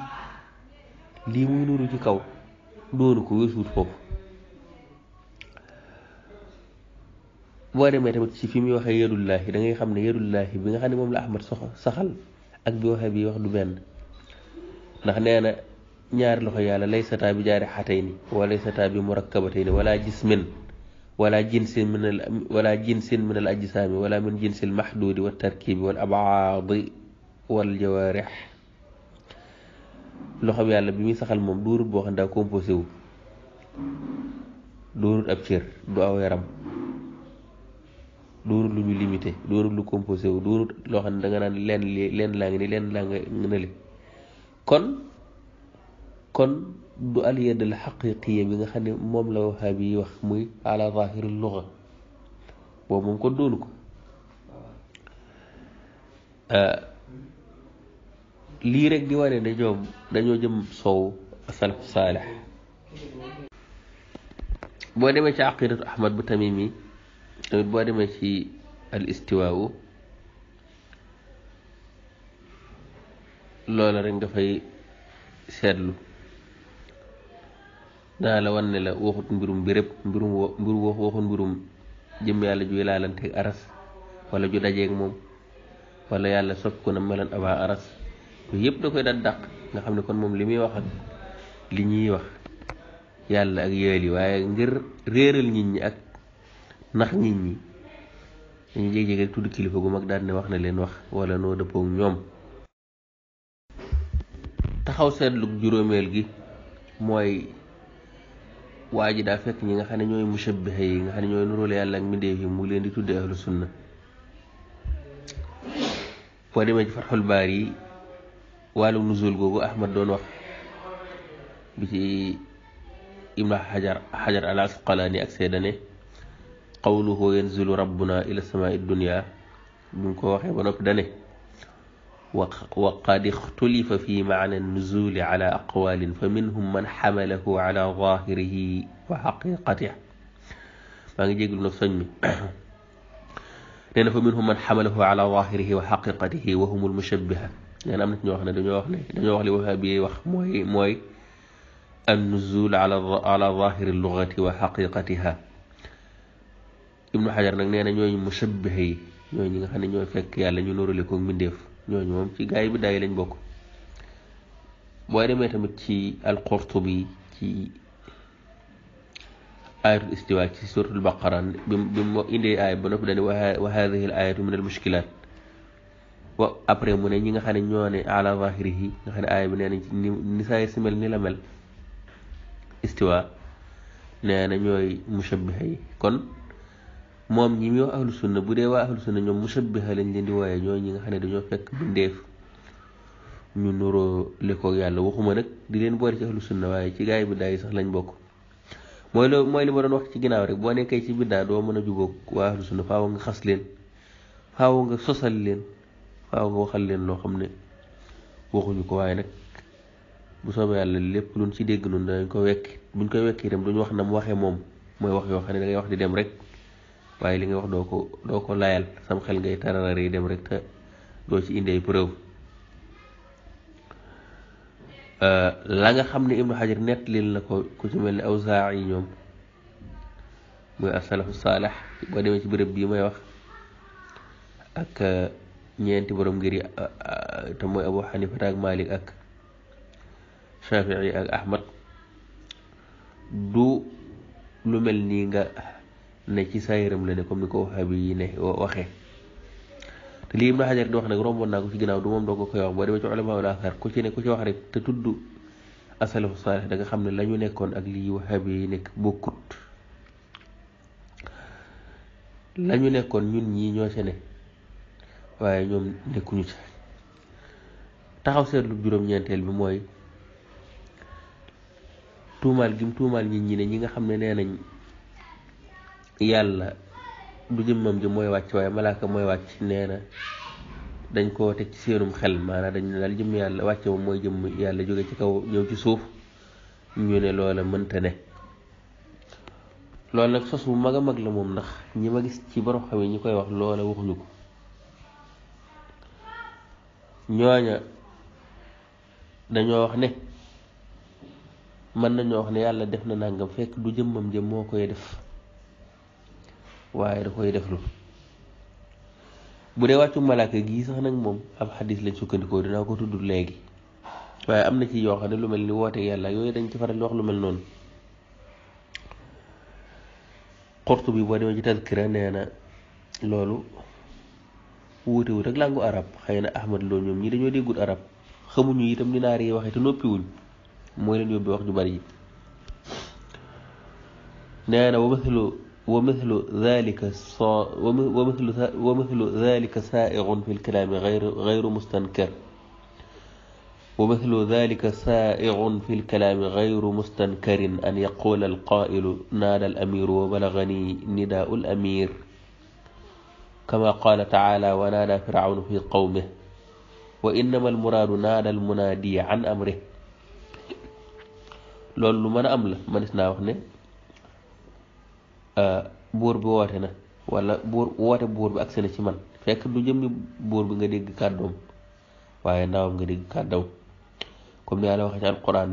lii muy nuru ci kaw doonu ko weesuwut foofu boo demee ci fi muy waxee yadullaahi da ngay xam ne yadullaahi bi nga xam ne moom la ahmad sox saxal ak bi waxee bi wax du benn ndax nee na ñaari loxo yàlla lay sataa bi jaari xatay ni wala lay sataa bi murakkabatay ni wala jismin ولا جنس من ولا جنس من الأجسام ولا من جنس المحدود والتركيب والأبعاض والجوارح loxo bi yàlla bi muy saxal moom duurut boo xam daa composé wu duurut ab cër du aw yaram duurut lu ñu limité duurut lu composé wu duurut loo xam ne da nga naan lenn li lenn laa ngi ni lenn laa nga ne li kon kon du al yad al xaqiqiya bi nga xam ne moom la waxaabi yi wax muy ala zahiril luga boobu moom ko doonu ko ah, lii rek di wane ne ñoom dañoo jëm sow salaf saalix boo demee ci aqidatu ahmad bu tamimi tamit boo demee ci al istiwaawu loola rek nga fay seetlu naala wanne la waxut mbirum bi rëb mbirum wo mbir wax waxu mbirum jëm yàlla ju laalanteeg aras wala ju dajeeg moom wala yàlla sob ko na melan abaa aras yooyu yëpp da koy daan dàq nga xam ne kon moom li muy wax ak li ñuy wax yàlla ak yéel yi waaye ngir réeral nit ñi ak nax nit ñi dañu jég-jég tudd kilifa gu mag daan ne wax ne leen wax wala noo dëppoog ñoom taxaw seetlu juróomeel gi mooy waa ji daa fekk ñi nga xam ne ñooy mushabbiha yi nga xam ne ñooy nuróole yàlla ak mbindéef yi mu leen di tuddee ahlu sunna boo demee ci Fatxul Baari yi wàllu nuzul googu Ahmad doon wax bi ci Ibnu Xajar Xajar al Asqalaani ak seedane qawluhu yanzilu rabbuna ila samaai dunia bi mu ko waxee ba noppi dane وقد اختلف في معنى النزول على أقوال فمنهم من حمله على ظاهره وحقيقته لأن فمنهم من حمله على ظاهره وحقيقته وهم المشبهة لأن أمنت نوحنا دنيوحنا دنيوحنا وهابي وخ موي موي النزول على على ظاهر اللغة وحقيقتها ابن حجر نعنى نينا مشبهي ñooñu ñi nga xam ne لكم من yàlla ñooñu moom ci gaa yi bi daay lañ bokk booy demee tamit ci bi ci ayatul istiwa ci suratul baqara bi bi mu indee aaya ba noppi dane wa hadihi al ayatu min al wa après mu ne nga xam ne ñoo ne ala zahirihi nga xam ne aaya bi nee nañ ci ni saayir si mel ni la mel istiwa nee ñooy mushabbiha yi kon moom ñi muy wax ahlu sunna bu dee waa ahlu sunna ñoom mushabbiha lañ leen di waaye ñoo ñi xam ne dañoo fekk bindeef ñu nuroo lekkoog yàlla waxuma nag di leen boole ci ahlu sunna waaye ci gaay bi daay sax lañ bokk mooy loo mooy li ma doon wax ci ginnaaw rek boo nekkee ci biddaa doo mën a jubóog waa ahlu sunna faaw nga xas leen faaw nga sosal leen faaw nga waxal leen loo xam ne waxuñu ko waaye nag bu soobee yàlla lépp luñ ci dégg noonu danañ ko wekk buñ koy wekk itam duñ wax na mu waxee moom mooy wax yoo xam ne dangay wax di dem rek waaye li nga wax doo ko doo ko layal sam xel ngay tararare yi dem rek te doo ci indi ay preuve euh, la xam ne ibnu xajar nettalil na ko ku ci mel ne awsaa yi ñoom muy asalafu saalax boo demee ci bërëb bii may wax ak euh, ñeenti borom ngir yi euh, te mooy abu xanifata ak malik ak shafii ak ahmad du lu mel nii nga ne ci saayiram la ne comme ni ko waxaabi yi ne waxee te lii Ibnu Xajar di wax nag romboon naa ko ci ginnaaw du moom doo koy wax boo demee ci ulamaul athar ku ci ne ku ci wax rek te tudd asalafu saalih da xam ne lañu nekkoon ak lii waxaabi yi nekk bokkut ñu nekkoon ñun ñi ñoo ca ne waaye ñoom nekkuñu ci taxaw seetlu juróom-ñeenteel bi mooy tuumaal gi mu tuumaal nit ñi ne ñi nga xam ne nee nañ yàlla du jëmmam ji mooy wàcc waaye malaaka mooy wàcc nee na dañ ko teg ci seenum xel maanaam dañ daal jëmm yàlla wàcc moom mooy jëmm yàlla jóge ci kaw ñëw ci suuf ñu ne loola mënta ne loolu nag sos bu mag a mag la moom ndax ñi ma gis ci borom xaw yi ñi koy wax loola waxuñu ko ñooña dañoo wax ne mën nañoo wax ne yàlla def na nangam fekk du jëmmam jëm moo koy def waaye da koy deflu bu dee wàccu malaaka gis sax nag moom ab xadis lañ sukkandikoo dinaa ko tudd léegi waaye am na ci yoo xam ne lu mel ni woote yàlla yooyu dañ ci faral di lu mel noonu xortu bi boo nee na loolu wuute wut ak làngu arab xëy na ahmad loolu ñoom ñi dañoo déggul arab xamuñu itam ni naar yi waxee te noppiwuñ mooy leen yóbbee wax ju bari nee na ba mathalu ومثل ذلك ومثل ومثل ذلك سائغ في الكلام غير غير مستنكر ومثل ذلك سائغ في الكلام غير مستنكر أن يقول القائل نال الأمير وبلغني نداء الأمير كما قال تعالى ونادى فرعون في قومه وإنما المراد نال المنادي عن أمره لول من أمله من اسنا وخني Eh, buur bi woote na wala buur woote buur bi agsi na ci man fekk du jëmmi buur bi nga dégg kàddoom waaye ndawam nga dégg kàddaw comme ni yàlla waxee ci alquran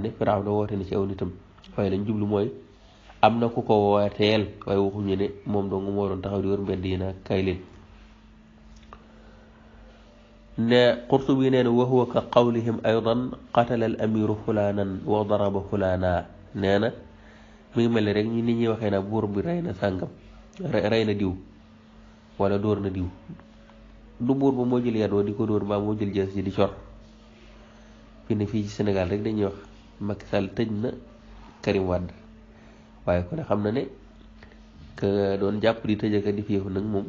na ku ko wooteel moom dong moo taxaw di wër mbedd yi naa ne Qurtubi nee na ka qawlihim aydan qatala amiru fulaanan wa daraba fulaana nee mi ngi mel rek ñi nit ñi waxee na buur bi rey na sàngam rey na diw wala dóor na diw du buur ba moo jël yadoo di ko dóor ba moo jël jës ji di cor fi ne fii ci Sénégal rek dañuy wax Macky Sall tëj na Karim Wade waaye kon ne xam na ne doon jàpp di tëj ak di fiyeefu nag moom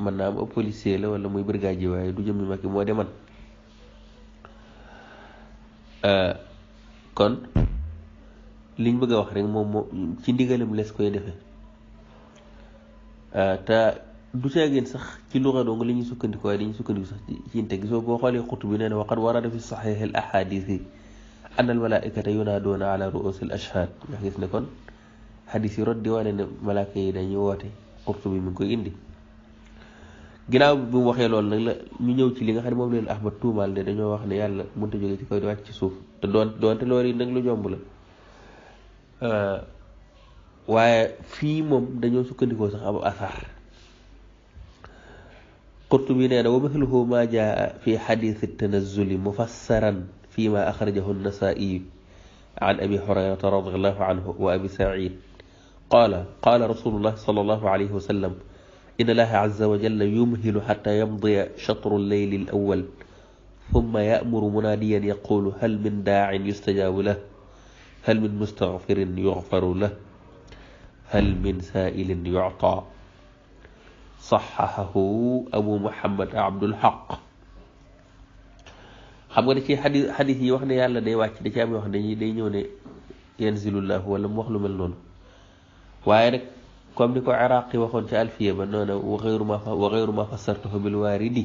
mën naa am ab policier la wala muy ji waaye du jëm jëmmi Macky moo deman euh, kon liñ bëgg a wax rek moom moo ci ndigalam lees koy defee euh, te du caagéen sax ci luxa dong li ñuy sukkandiku waaye dañuy sukkandiku sax ci inte gisoo boo xoolee xut bi nee na waqad warada fi saxiix al ahadis yi an al malaikata yunaadoona ala ruus al ashhad nga gis ne kon xadis yi rod di wane ne malaaka yi dañuy woote xurt bi mu ngi koy indi ginnaaw bu mu waxee lool nag la ñu ñëw ci li nga xam ne moom leen ahmad tuumaal ne dañoo wax ne yàlla mënta jóge ci kaw di wàcc ci suuf te doon doonte loolu yi nag lu jomb la Euh, waaye fii moom dañoo sukkandikoo sax ab asar qurtubi nee na wa mithluhu ma jaa fi xadiisi tanazuli mufassaran fi ma axrajahu عن أبي هريرة رضي الله عنه وأبي سعيد قال قال رسول الله صلى الله عليه وسلم إن الله عز وجل يمهل حتى يمضي شطر الليل الأول ثم يأمر مناديا يقول هل من داع يستجاب له hal min mustaghfirin yughfaru lah hal min saailin yu'ta saxaxahu abu muhammad abdul haq xam nga da ci xadis xadis yi wax ne yàlla day wàcc da ci am yoo xam ne day ñëw ne yanzilullah wala mu wax lu mel noonu waaye rek comme ni ko iraqi waxoon ci alfiya ba noona wa xayru ma fa wa xayru ma fassartuhu bil waaridi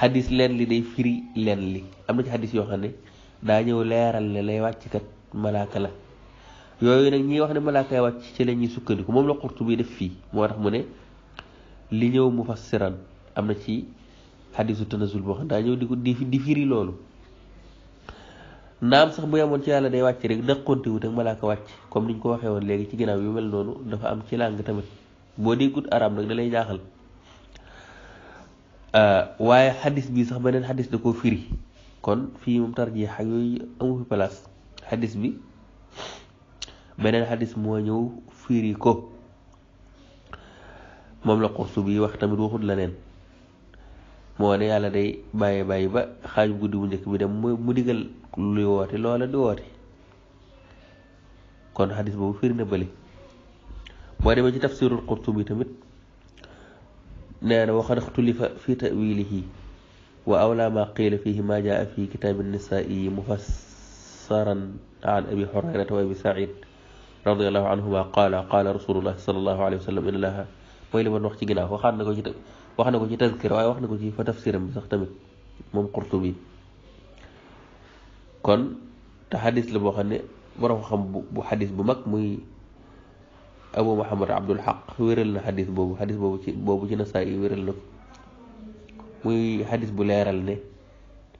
xadis leen li day firi leen li am na ci xadis yoo xam ne daa ñëw leeral ne lay wàcc kat malaaka la yooyu nag ñuy wax ne malaaka ya wàcc ci la ñuy sukkandiku moom la xurtu bi def fii moo tax mu ne li ñëw mu fassiran am na ci xadisu tanazul boo xam daa ñëw di ko di firi loolu naam sax bu yemoon ci yàlla day wàcc rek dëqonte wut ak malaaka wàcc comme niñ ko waxee woon léegi ci ginnaaw yu mel noonu dafa am ci làng tamit boo déggut arab nag dalay lay waaye xadis bi sax beneen xadis da koo firi kon fii moom tarjeex ak yooyu amu fi place xadis bi beneen xadis moo ñëw firi ko moom la Qurtubi wax tamit waxut la neen moo ne yàlla day bàyyi bàyyi ba xaaju guddi bu njëkk bi dem mu digal luy woote loola di woote kon xadis boobu firi na bële boo demee ci tafsirul Qurtubi tamit nee na waxad ixtulifa fi tawilihi wa awla ma qiila fihi ma jaa fi kitaabi nisaa yi mufassir انصارا عن ابي هريره وابي سعيد رضي الله عنهما قال قال رسول الله صلى الله عليه وسلم ان لها ويل من وقت جناه وخان نكو جي وخان نكو جي تذكر واي وخان نكو جي فتفسير مسخ تامت موم قرطبي كون تا حديث لا بو خاني بروم خم بو حديث بو مك موي ابو محمد عبد الحق ويرل لنا حديث بوبو حديث بوبو سي بوبو سي نسائي ويرل نكو موي حديث بو ليرال ني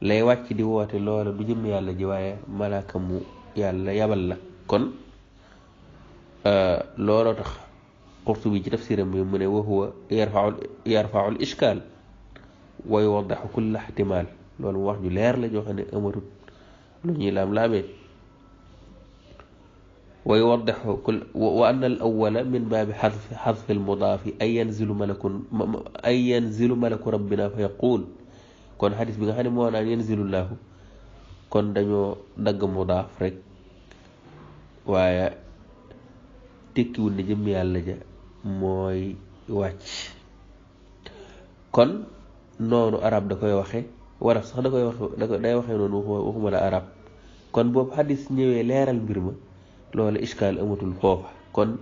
lay wàcc di woote loola du jëm yàlla ji waaye malaaka mu yàlla yabal la kon looloo tax qurtubi ci tafsiram bi mu ne wa huwa yarfaul yarfaul ishkaal wa yuwaddaxu kulla ihtimaal loolu mu wax ju leer la joo xam ne amatut lu ñuy laam-laamee wa yuwaddaxu kul wa anna al awwala min baabi xadfi xadfi almudaafi an yanzilu malaku an yanzilu malaku rabbina fa yaquul kon xadis bi nga xam ne moo naan yanzilullaahu kon dañoo dagg mu daaf rek waaye tekkiwul ne jëmm yàlla ja mooy wàcc kon noonu arab da koy waxe waraf sax da koy waxe day noonu waxuma la arab kon boobu xadis ñëwee leeral mbir ma loolu iskaal amatul foofa kon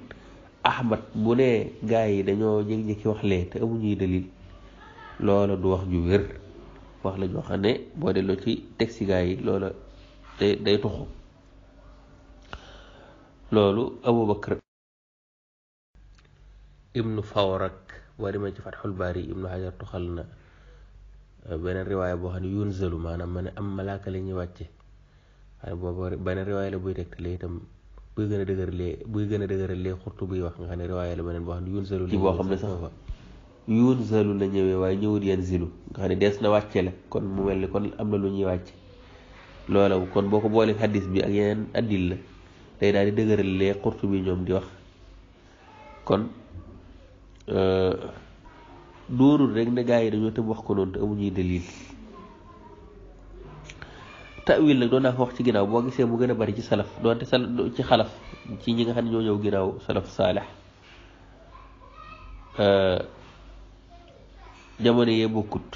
bu ne gaa yi dañoo jékki wax lee te amuñuy dalil loola du wax ju wér wax la joo xam ne boo delloo ci texte gaa yi loola day day tuxu loolu Abubakar ibnu Fawrak boo demee ci Fatxul Baari ibnu Hajar tuxal na euh, beneen riwaaya boo xam ne yunzalu maanaam ma ne am malaaka la ñuy wàcce waaye boobu beneen riwaaya la buy tegtalee itam buy gën a dëgëralee buy gën a dëgëralee xurtu buy wax nga xam ne riwaaya la beneen boo xam ne yunzalu. ci xam ne sax yunzalu la ñëwee waaye ñëwul yanzilu nga xam ne dees na wàcce la kon mu mel ni kon am na lu ñuy wàcce loola kon boo ko boolee xaddis bi ak yeneen addil la day daal di dëgëral lee xurtu bi ñoom di wax kon euh, doonul rek ne gaa yi dañoo tëb wax ko noonu te amuñuy dalil tawil nag doon naa ko wax ci ginnaaw boo gisee mu gën a bari ci salaf doonte sal ci xalaf ci ñi nga xam ne ñoo ñëw ginnaaw salaf saalex euh, jamono yee bokkut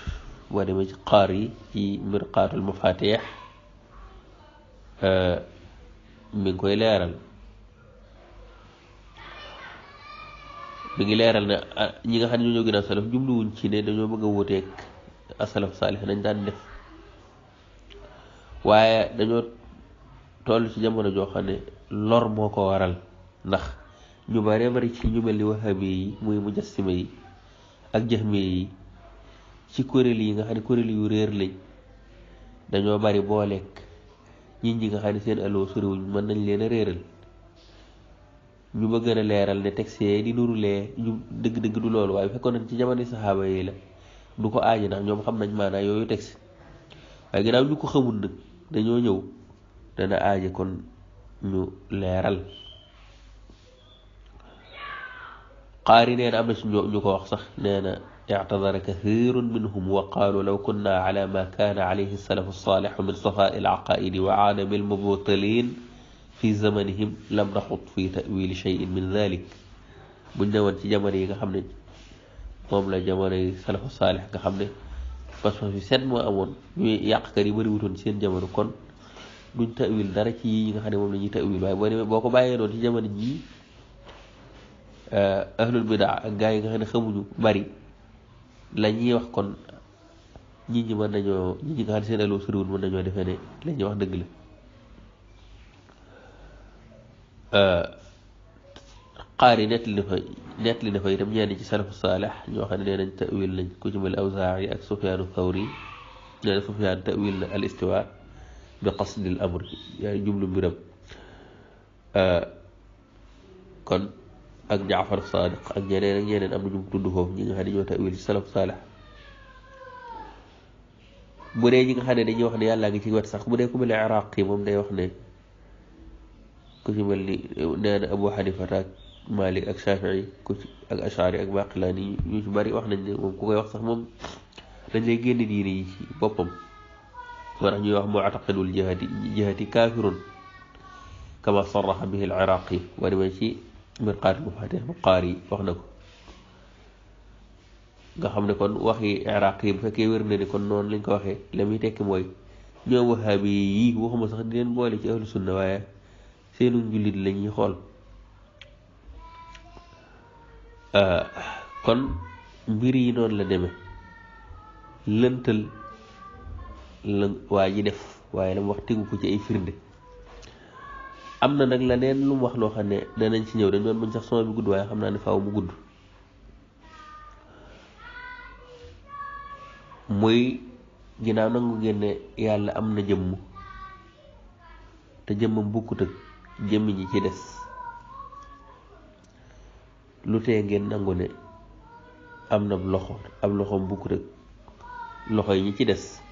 boo demee ci xaar yi ci mirqaatul mafatix euh, mi ngi koy leeral mi ngi leeral ne ah, ñi nga xam ne ñoo gën a salaf jubluwuñ ci ne dañoo bëgg a wuuteeg asalaf saalix nañ daan def waaye dañoo toll ci jamono joo xam ne lor moo ko waral ndax ñu bare bari ci ñu mel ni wahabi yi muy mujassima yi ak jahmi yi ci kuréel yi nga xam ne kuréel yu réer lañ dañoo bari boo lekk nit ñi nga xam ne seen aloo soriwuñ mën nañ leen a réeral ñu bëgg a leeral ne texte yi di nurulee ñu dëgg-dëgg du loolu waaye fekkoon nañ ci jamono saxaaba yi la du ko aaji ndax ñoom xam nañ maanaam yooyu texte waaye ginnaaw ñu ko xamul nag dañoo ñëw dana aaji kon ñu leeral xaari nee na am na si ñu ko wax sax اعتذر كثير منهم وقالوا لو كنا على ما كان عليه السلف الصالح من صفاء العقائد وعالم المبطلين في زمنهم لم نخط في تأويل شيء من ذلك من وانت جمالي كحمد مملا جمالي السلف الصالح كحمد بس في سن ما أمون يعقري بريوتون سن جمالي كون دون تأويل درجي يغحني مملا جي تأويل باقو باين وانت جمالي جي أهل البدع غاي غاي خمجو بريد la ñuy wax kon nit ñi mën nañoo nit ñi nga xam ne seen aloo soriwul mën nañoo defee ne la ñuy wax dëgg la qaar yi nettali na fa nettali na fa itam ñenn ci salafu saalex ñoo xam ne nee nañ tawil nañ ku ci mel awsaa yi ak sufyaanu thawri nee na sufyaan tawil na al istiwa bi qasdil amri yaay jublu mbiram kon ak jaafar sadiq ak ñeneen ak ñeneen am na ñu tudd foofu ñi nga xam ne ñoo tawil salaf saalax bu dee ñi nga xam ne dañuy wax ne yàlla ngi ci wet sax bu dee ku mel ne iraq moom day wax ne ku ci mel ni nee na abu xanifata ak malik ak shafii ku ci ak ashari ak baqilaani ñu ci bari wax nañ ne moom ku koy wax sax moom dañ lay génn diine yi ci boppam moo ñuy wax moo ataqidul jihati jihati kaafirun kama sarraxa bihi al iraqi wa demee ci man xaatibu faatix bu xaar yi wax na ko nga xam ne kon waxi iraq yi bu fekkee wér na ni kon noonu lañ ko waxee la muy tekki mooy ñoom waxaabi yi waxuma sax di leen boole ci ahlu sunna waaye seenu njullit la ñuy xool ah, kon mbir yi noonu la demee lëntal la waa ji def waaye la mu wax tegu ko ci ay firnde am na nag la neen lu mu wax loo xam ne danañ ci ñëw dañ doon bañ sax son bi gudd waaye xam naa ne faaw mu gudd muy ginnaaw nangu génne yàlla am na jëmm te jëmmam bukkut ak jëmm ji ci des lu tee ngeen nangu ne am na loxo ab loxoom bukkut ak loxo yi ñi ci des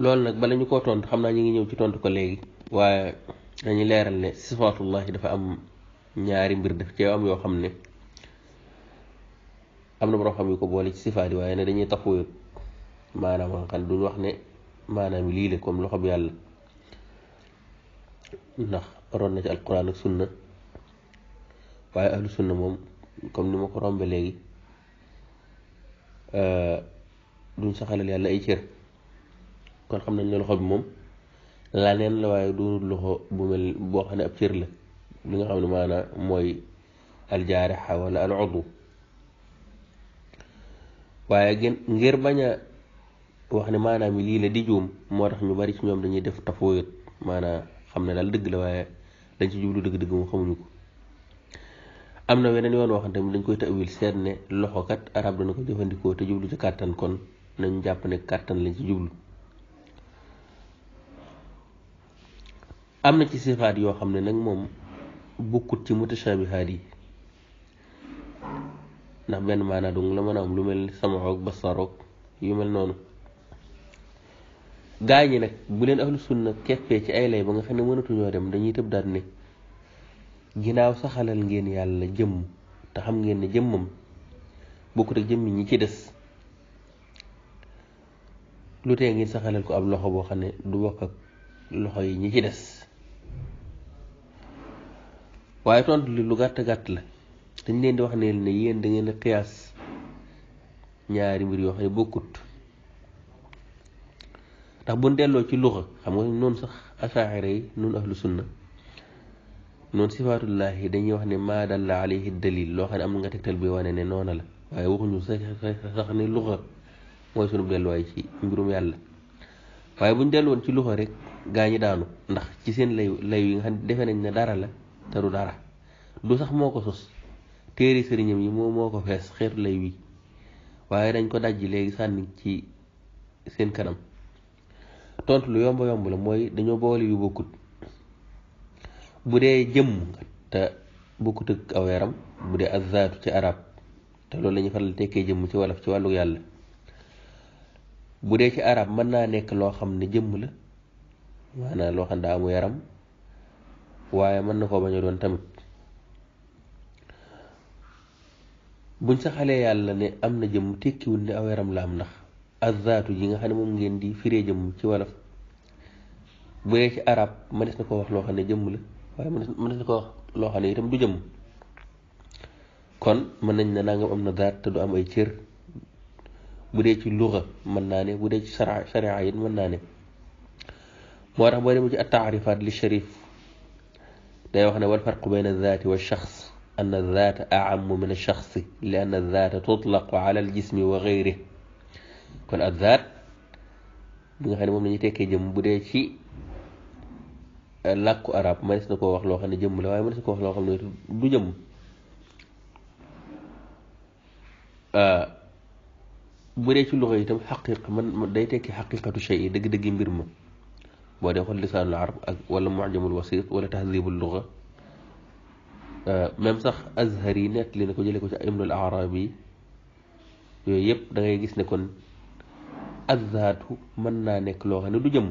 loolu nag bala ñu ko tontu xam naa ñu ngi ñëw ci tontu ko léegi waaye dañu leeral ne sifaatullahi dafa am ñaari mbir daf cee am yoo xam ne am na borom xam yu ko boole ci sifaat yi waaye ne dañuy taxawu maanaam xam duñu wax ne maanaam lii la comme loxo bi yàlla ndax ron na ak sunna waaye ahlu sunna moom comme ni ma ko rombe léegi euh, duñ saxalal yàlla ay cër. kon xam nañ ne loxo bi moom la la waaye doonul loxo bu mel boo xam ne ab cër la li nga xam ne maanaam mooy aljaarixa wala waaye gën ngir bañ a wax ne maanaam lii la di juum moo tax ñu bari ci ñoom dañuy def tafooyut maanaa xam ne daal dëgg la waaye dañ ci jublu dëgg-dëgg mu xamuñu ko am na weneen yoon waxante mi dañ koy tawil seet ne loxo kat arab dana ko jëfandikoo te jublu ci kàttan kon nañ jàpp ne kàttan lañ ci jublu am na ci sifaat yoo xam ne nag moom bukkut ci mutashabihaat yi ndax benn maanaa dong la mën a am lu mel samoox ak basaroog yu mel noonu gaa ñi nag bu leen ahlu sunna keppee ci ay lay ba nga xam ne mënatuñoo dem dañuy tëb daal ne ginnaaw saxalal ngeen yàlla jëmm te xam ngeen ne jëmmam bokkut ak jëmmi ñi ci des lu tee ngeen saxalal ko ab loxo boo xam ne du bokk ak loxo yi ñi ci des waaye tontu li lu gàtt gàtt la dañ leen di wax ne ne yéen da ngeen a ñaari mbir yoo xam ne bokkut ndax bu delloo ci luxa xam nga noon sax asaxira yi noonu ahlu sunna noonu sifaatullaahi dañuy wax ne maa dalla alayhi dalil loo xam ne am nga tegtal bi wane ne noona la waaye waxuñu sax sax ne luxa mooy sunu delluwaay ci mbirum yàlla waaye buñ delloon ci luxa rek gaa ñi daanu ndax ci seen lay lay yi nga xam defe nañ ne dara la te du dara du sax moo ko sos téere sëriñam yi moom moo ko fees xeetu lay wi waaye dañ ko dajji léegi sànni ci seen kanam tontu lu yomb yomb la mooy dañoo boole yu bokkut bu dee jëmm te bokkut ak aw yaram bu dee azaatu ci arab te loolu la ñuy faral tekkee jëmm ci wolof ci wàllu yàlla bu dee ci arab mën naa nekk loo xam ne jëmm la maanaam loo xam ne daa amu yaram waaye mën na koo bañ doon tamit buñ saxalee yàlla ne am na jëmm tekkiwul ne aw yaram la am ndax azaatu yi nga xam ne moom ngeen di firee jëmm ci wolof bu dee ci arab mënees na ko wax loo xam ne jëmm la waaye mënees na loo xam ne itam du jëmm kon mën nañ ne nangam am na zaat te du am ay cër bu dee ci luxa mën naa ne bu dee ci sara sharia it mën naa ne moo tax boo demee ci at taarifaat li sharif داي واخنا والفرق بين الذات والشخص أن الذات أعم من الشخص لأن الذات تطلق على الجسم وغيره كون الذات بيغا خاني موم لا نيتي كي جيم بودي شي لاكو عرب ما نيس نكو واخ لو خاني جيم لا واي ما نيس كو واخ لو خاني دو جيم ا آه، بودي شي لغه يتم حقيقه من داي تيكي حقيقه شيء دغ دغ مبير بوديخون لسان العرب ولا معجم الوسيط ولا تهذيب اللغة آه، ميم صح أزهري نك لي نكو جيلي كو سي إبن الأعرابي يوي ييب دا غاي غيس نكون الذات من نا نك لو خاني دو جيم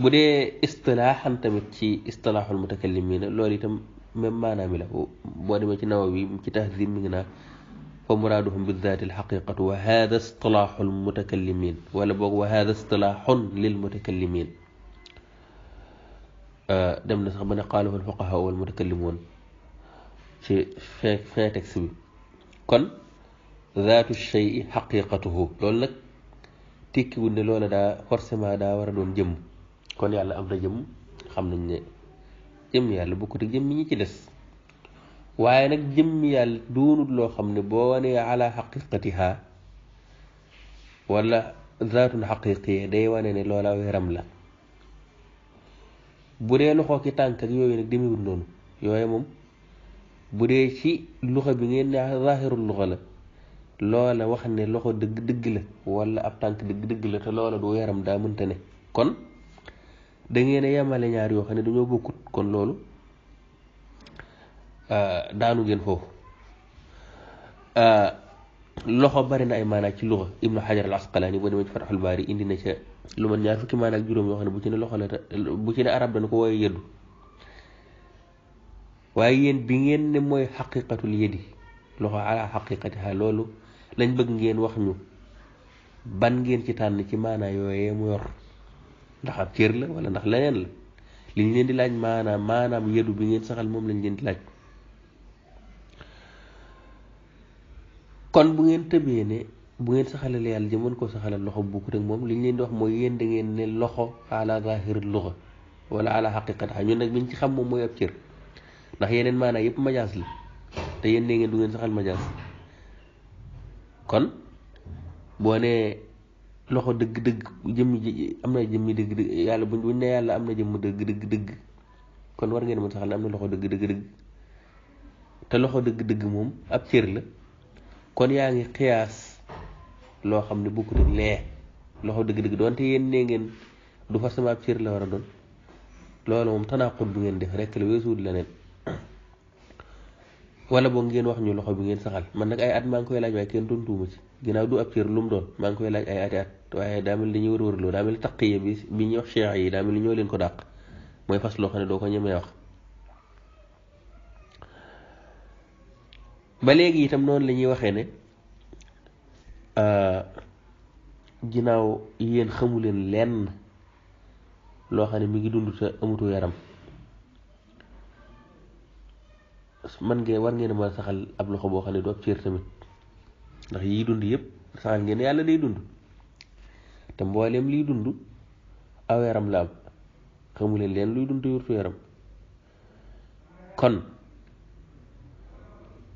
بودي اصطلاحا تامت سي اصطلاح المتكلمين لولي تام ميم مانامي لا بو ديمي سي نووي سي تهذيب ميغنا فمرادهم بالذات الحقيقة وهذا اصطلاح المتكلمين ولا وهذا اصطلاح للمتكلمين آه، دمنا من قاله الفقهاء والمتكلمون شيء في تكسبي كن ذات الشيء حقيقته لول نك تيكي وند لولا دا فرس ما دا ورا دون جëm kon yalla am na جم xam nañ جم jëm yalla bu ko te jëm ñi waaye nag jëmm yàlla doonul loo xam ne boo wanee ala xaqiqatiha wala zaatun xaqiqiya day wane ne loola weram la bu dee loxo ki tànk ak yooyu nag demewul noonu yooye moom bu dee ci luxa bi ngeen ne zaahirul luxa la loola wax ne loxo dëgg dëgg la walla ab tànk dëgg dëgg la te loola du yaram daa mënta ne kon da ngeen a yemale ñaar yoo xam ne dañoo bokkut kon loolu Euh, daanu ngeen foofu euh, loxo bari na ay maanaam ci luxa ibnu xajar al asqalaani boo demee ci indi na ca lu man ñaar fukki maanaam ak juróom yoo xam ne bu ci ne loxo la bu ci ne arab dana ko wooye yëddu waaye yéen bi ngeen ne mooy xaqiqatul yëdi loxo ala xaqiqatiha loolu lañ bëgg ngeen wax ñu ban ngeen ci tànn ci maanaam yooyee mu yor ndax ab la wala ndax leneen la liñ leen di laaj maanaam maanaam yëdu bi ngeen saxal moom lañ leen di laaj kon bu ngeen tëbee ne bu ngeen saxalal yàlla jëmoon ko saxalal loxo bu bukk rek moom li ñu leen di wax mooy yéen da ngeen ne loxo ala zahir luxa wala ala xaqiqata ñun nag biñ ci xam moom mooy ab cër ndax yeneen maan yëpp majaas la te yéen du ngeen saxal majaas kon boo nee loxo dëgg-dëgg jëmm ji am na jëmmi dëgg yàlla buñ ne yàlla am na jëmm dëgg-dëgg-dëgg kon war ngeen mën saxal ne am na loxo dëgg dëgg te loxo dëgg-dëgg moom ab cër la kon yaa ngi xiyaas loo xam ne bokkut ak lee loxo dëgg-dëgg doonte yéen ne ngeen du forcément ab cër la war a doon loolu moom tanaqut bu ngeen def rek la weesuwul leneen wala boog ngeen wax ñu loxo bi ngeen saxal man nag ay at maa ngi koy laaj waaye kenn tontuuma ci ginnaaw du ab cër lu mu doon maa ngi koy laaj ay ati at waaye daa mel dañuy war wër loo daa mel taqiya bi bi ñuy wax cheikh yi daa mel ni ñoo leen ko dàq mooy fas loo xam ne doo ko ñemee wax ba léegi itam noonu la ñuy waxee ne euh, ginnaaw yéen xamu leen lenn loo xam ne mi ngi dund te amutu yaram man ngeen war ngeen ma saxal ab loxo boo xam ne du ab cër tamit ndax yi dund yépp saxal ngeen yàlla day dund te mbooleem liy dund aw yaram la am xamu leen leen luy dund yurtu yaram kon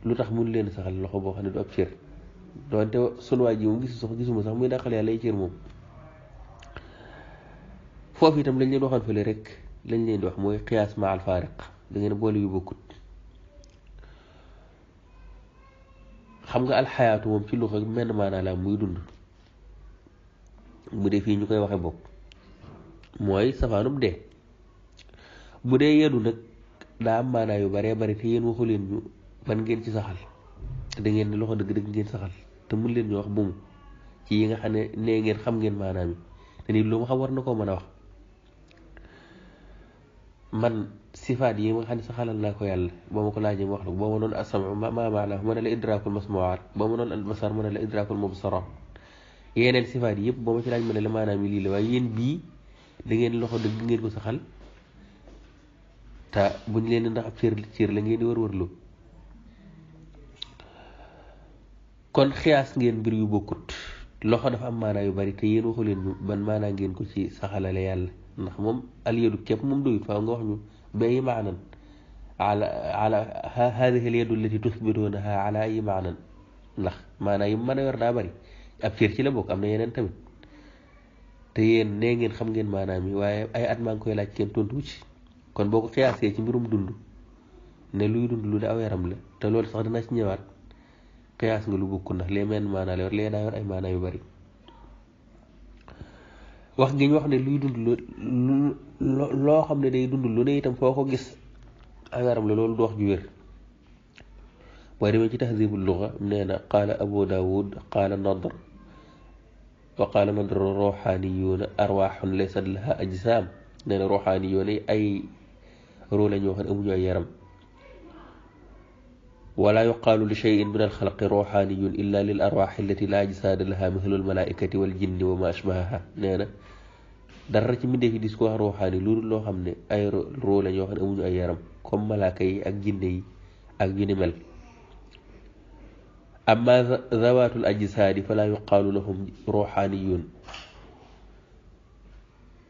lu tax mun leen saxal loxo boo xam ne du ab cër doonte sunu waay ji gis gisu sax gisuma sax muy dàqal yàlla ay cër moom foofu itam lañ leen rek lañ leen di wax mooy xiyaas ma alfaariq da ngeen boole yu bokkut xam nga alxayaatu moom ci luxa menn maanaa muy dund bu dee fii ñu koy waxe bokk mooy safaanum de bu dee yenu nag daa am maanaa yu baree bari te yéen waxu leen man ngeen ci saxal da ngeen ne loxo dëgg dëgg ngeen saxal te mun leen ñu wax bumu ci yi nga xam ne nee ngeen xam ngeen maanaam yi te war na koo mën a wax man sifaat ne saxalal naa ko yàlla boo ma ko laajee wax la boo ma doon asama ma maanaam ma ne la boo ma doon albasar ma ne la idraakul mubsarat yeneen sifaat yëpp boo ma ci laaj ma ne la maanaam lii la waaye yéen bii da ngeen loxo dëgg ngeen ko saxal te buñ leen ndax ab cër cër la ngeen di wër-wërlu kon xiyaas ngeen mbir yu bokkut loxo dafa am maanaa yu bari te yéen waxu leen ban maana ngeen ko ci saxalale yàlla ndax moom alyadu kepp moom doyut faaw nga wax ñu bi ay maanan ala ala haadihi alyadu allati ndax maanaa yi mën a yor daa bari ab cër ci la bokk am na yeneen tamit te yéen nee ngeen xam ngeen maanaa mi waaye ay at maa ngi koy laaj kenn tontu ci kon boo ko xiyaasee ci mbirum dund ne luy dund lu ne aw yaram la te loolu sax dina ci ñëwaat qiyaas nga lu قياس قلوبكن leemeen maana le war yor ay maanaa yu bari wax gi ñu wax ne luy dund lu loo xam ne day dund lu ne itam foo ko gis agaram la loolu du wax ju wér boo demee ci tahzibu luga nee na qaala abu daawud qaala nadr wa qaala nadr ruuxaaniyuuna arwaaxun laysat laha ajsaam nee na ruuxaaniyuuna ay ruu la xam ne amuñu ay yaram ولا يقال لشيء من الخلق روحاني إلا للأرواح التي لا أجساد لها مثل الملائكة والجن وما أشبهها نانا نعم. درج من في ديسكو روحاني لور لو خامني اي رو لا نيو خاني اي يارم كوم ملائكه اك جيني اك اما ذوات الاجساد فلا يقال لهم روحانيون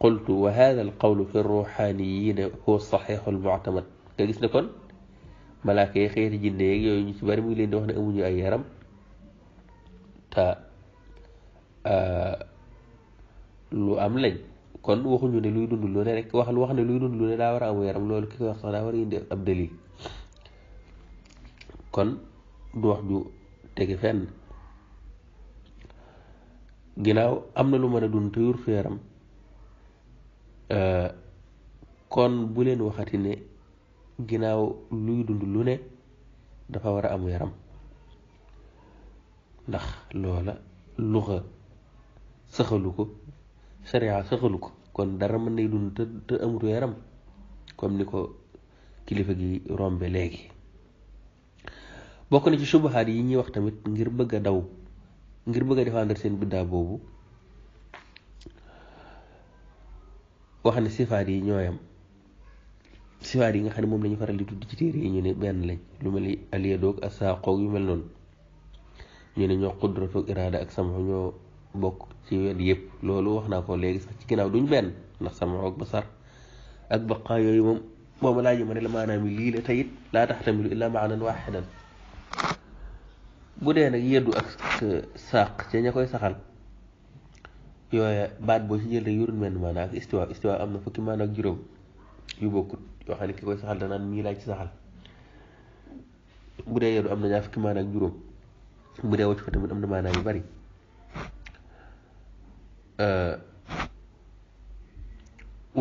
قلت وهذا القول في الروحانيين هو الصحيح المعتمد كيس نكون malaaka yi xeeti jinne yeeg yooyu ñu ci bari mu ngi leen di wax ne amuñu ay yaram te ah, lu am lañ kon waxuñu ne luy dund lu ne rek wax wax ne luy dund lu ne daa war a amu loolu ki ko wax sax daa war a indi ab dalil kon du wax ju tege fenn ginnaaw am na lu mën a dund te yur fi yaram ah, kon bu leen waxati ne ginnaaw luy dund lu ne dafa war a am yaram ndax loola luxa sëxalu ko sariya sëxalu ko kon dara mën nay dund te te amutu yaram comme ni ko kilifa gi rombe léegi bokk na ci subahaat yi ñuy wax tamit ngir bëgg a daw ngir bëgg a défendre seen biddaa boobu wax ne sifaat yi ñooyam siwaar yi nga xam ne moom lañu faral di tudd ci téere yi ñu ne benn lañ lu mel ni aliyadoog ak saaqoog yu mel noonu ñu ne ñoo xudratoog iraada ak sama ñoo bokk ci wet yëpp loolu wax naa ko léegi sax ci ginnaaw duñ benn ndax sama ak basar ak baqaa yooyu moom boo ma laajee ma ne la maanaam la tayit laa taxtamilu dee nag yeddu ak ña koy saxal yooya baat boo ci jël rek yurun menn maanaa ak istiwa istiwa am na fukki maana ak juróom yu bokkut yoo xam ne ki koy saxal danaan mii laaj ci saxal bu dee yadu am na ñaar fukki maana ak juróom bu dee wacc ko tamit am na maana yu bari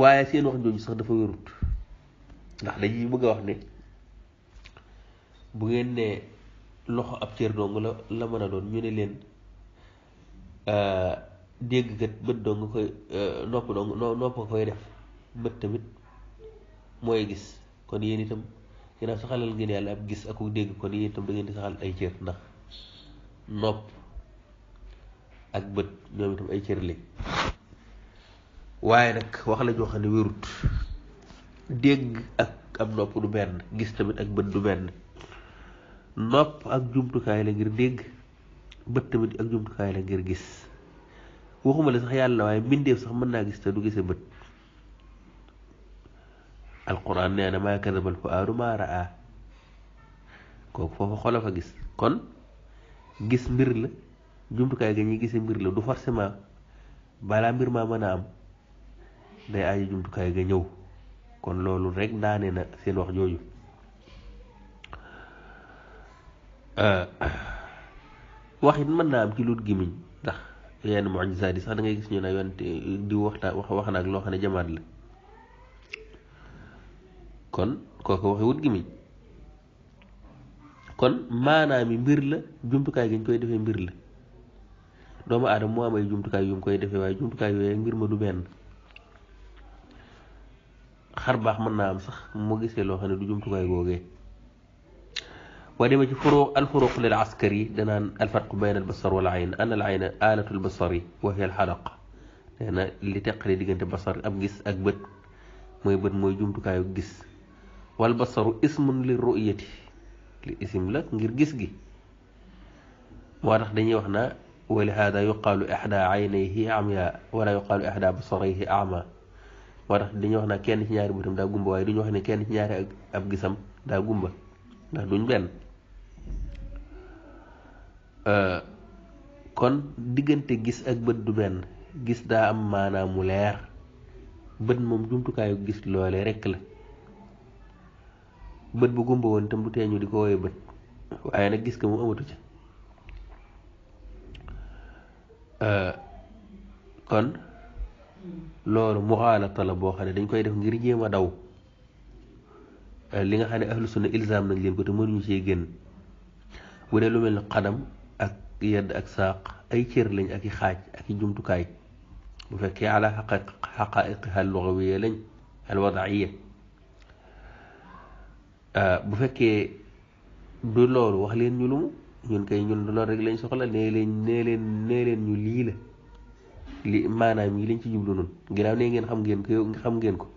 waaye seen wax jooju sax dafa wérut ndax dañuy bëgg a wax ni bu ngeen ne loxo ab cër dong la a doon ñu ne leen dégg kat bët dong koy nopp dong nopp koy def bët tamit mooy gis kon yéen itam ginnaaw saxalal ngeen yàlla ab gis ak ku dégg kon yéen itam da ngeen di saxal ay cër ndax nopp ak bët ñoom itam ay cër lañ waaye nag wax la joo xam ne wérut dégg ak am nopp du benn gis tamit ak bët du benn nopp ak jumtukaay la ngir dégg bët tamit ak jumtukaay la ngir gis waxuma la sax yàlla waaye mbindeef sax mën naa gis te du gisee bët alquran nee na maa kadabal fuaadu maa raa kooku foofu xol a fa gis kon gis mbir la jumtukaay ga ñuy gise mbir la du forcément balaa mbir maa mën a am day aaju jumtukaay ga ñëw kon loolu rek daane na seen wax jooju ah, wax it mën naa am ci luut gimiñ ndax yenn mujisaat yi sax da ngay gis ñu ne yonte di waxtaan wax wax na ak loo xam ne jamaat la kon kooku waxewut gimiñ kon maanaam mi mbir la jumtukaay gi ñu koy defee mbir la doomu aadama moo am jumtukaay yu mu koy defee waaye jumtukaay yooyu mbir ma du benn xar baax mën naa am sax mu gisee loo xam ne du jumtukaay googee boo demee ci furuq al furuq lil askari yi danaan al farq bayna al basar wal ay an al ayn aalatul basari wa hiya al xalaq nee li diggante basar ab gis ak bët mooy bët mooy jumtukaayu gis wal basaru ismun li ru'yati li isim la ngir gis gi waa tax dañuy wax na wali hada yuqaalu ixda aynayhi amya wala yuqaalu ixda basarayhi wax na kenn ci ñaari bëtam daa gumba waaye duñu wax ne kenn ci ñaari ab gisam daa gumba ndax duñ benn euh, kon diggante gis ak bët du benn gis daa am maanaam mu leer bët moom jumtukaayu gis loole rekk la bët bu gumba woon tam bu teñu di ko woowee bët waaye nag gis ko mu amatu ca kon loolu muxaalata la boo xam ne dañ koy def ngir jéem a daw li nga xam ne ahlu sunna ilzaam nañ leen ko te mënuñu cee gën bu dee lu mel ne xadam ak yedd ak saaq ay cër lañ ak i xaaj ak i jumtukaay bu fekkee ala xaqaiqiha lugawiya lañ al wadaiya Euh, bu fekkee du loolu wax leen ñu lumu ñun kay ñu du lool rek lañ soxla nee leen nee leen nee ñu lii la li maanaam yi lañ ci jublu noonu ginnaaw nee ngeen xam ngeen ko xam ngeen ko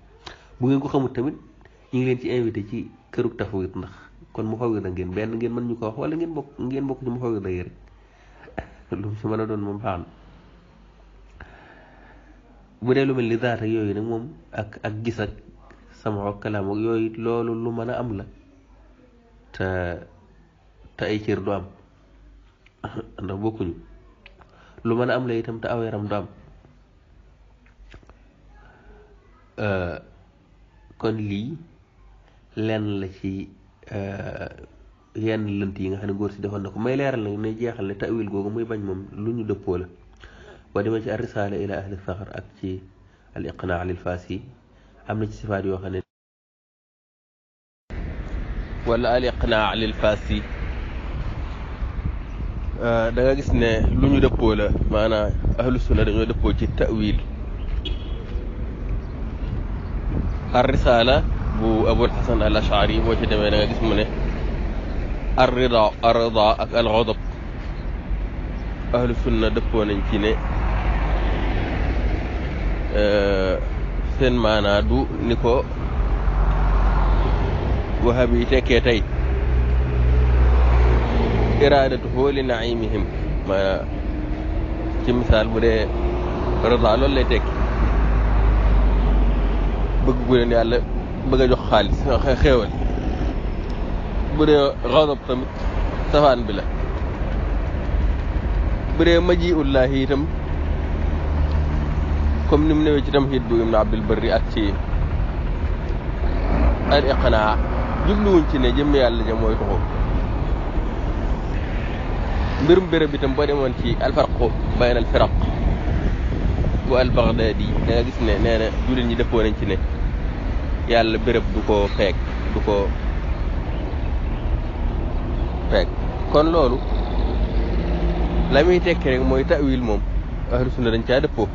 bu ngeen ko xamut tamit ñu ngi leen ci invité ci kërug tafawit ndax kon mu fawir da ngeen benn ngeen mën ñu ko wax wala ngeen bokk ngeen bokk mu fawir da rek lu mu si a doon moom baax bu dee lu mel ni zaata yooyu nag moom ak ak gis ak sama kalaam ak yooyu loolu lu mën a am la te te ay cër du am ndax bokkuñu lu mën a am la itam te aw yaram du am euh, kon lii lenn la ci euh, yenn lënt yi nga xam ne góor si defoon na ko may leeral nag ne jeexal ne tawil googu muy bañ moom lu ñu dëppoo la boo demee ci ar risaala ila ahli saxar ak ci al iqnaa lil faasi am na ci sifaat yoo xam ne wala al iqnaa lil faasi da nga gis ne lu ñu dëppoo la maanaam ahlu sunna dañoo dëppoo ci tawil ar risala bu abul xasan al ashari boo ci demee da nga gis mu ne ar rida ar rida ak al xodab ahlu sunna dëppoo nañ ci ne seen maanaa du ni ko wahab yi tekkee tey iraadatu xooli naimihim maanaa ci misaal bu dee rada loolu lay tekki bëgg gu leen yàlla jox xaalis xéewal bu dee xadab tamit safaan bi la maji ullahi itam comme ni mu newee ci tamhid bu ibnu abdul bari ak ci al iqnaa jubluwuñ ci ne jëmm yàlla ja mooy tuxu mbirum béréb tam boo demoon ci alfarqu bayn al firaq bu al baghdadi da nga gis ne nee ñi dëppoo nañ ci ne yàlla béréb du ko peeg du ko peeg kon loolu la muy tekki rek mooy tawil moom ahlu sunna dañ caa dëppoo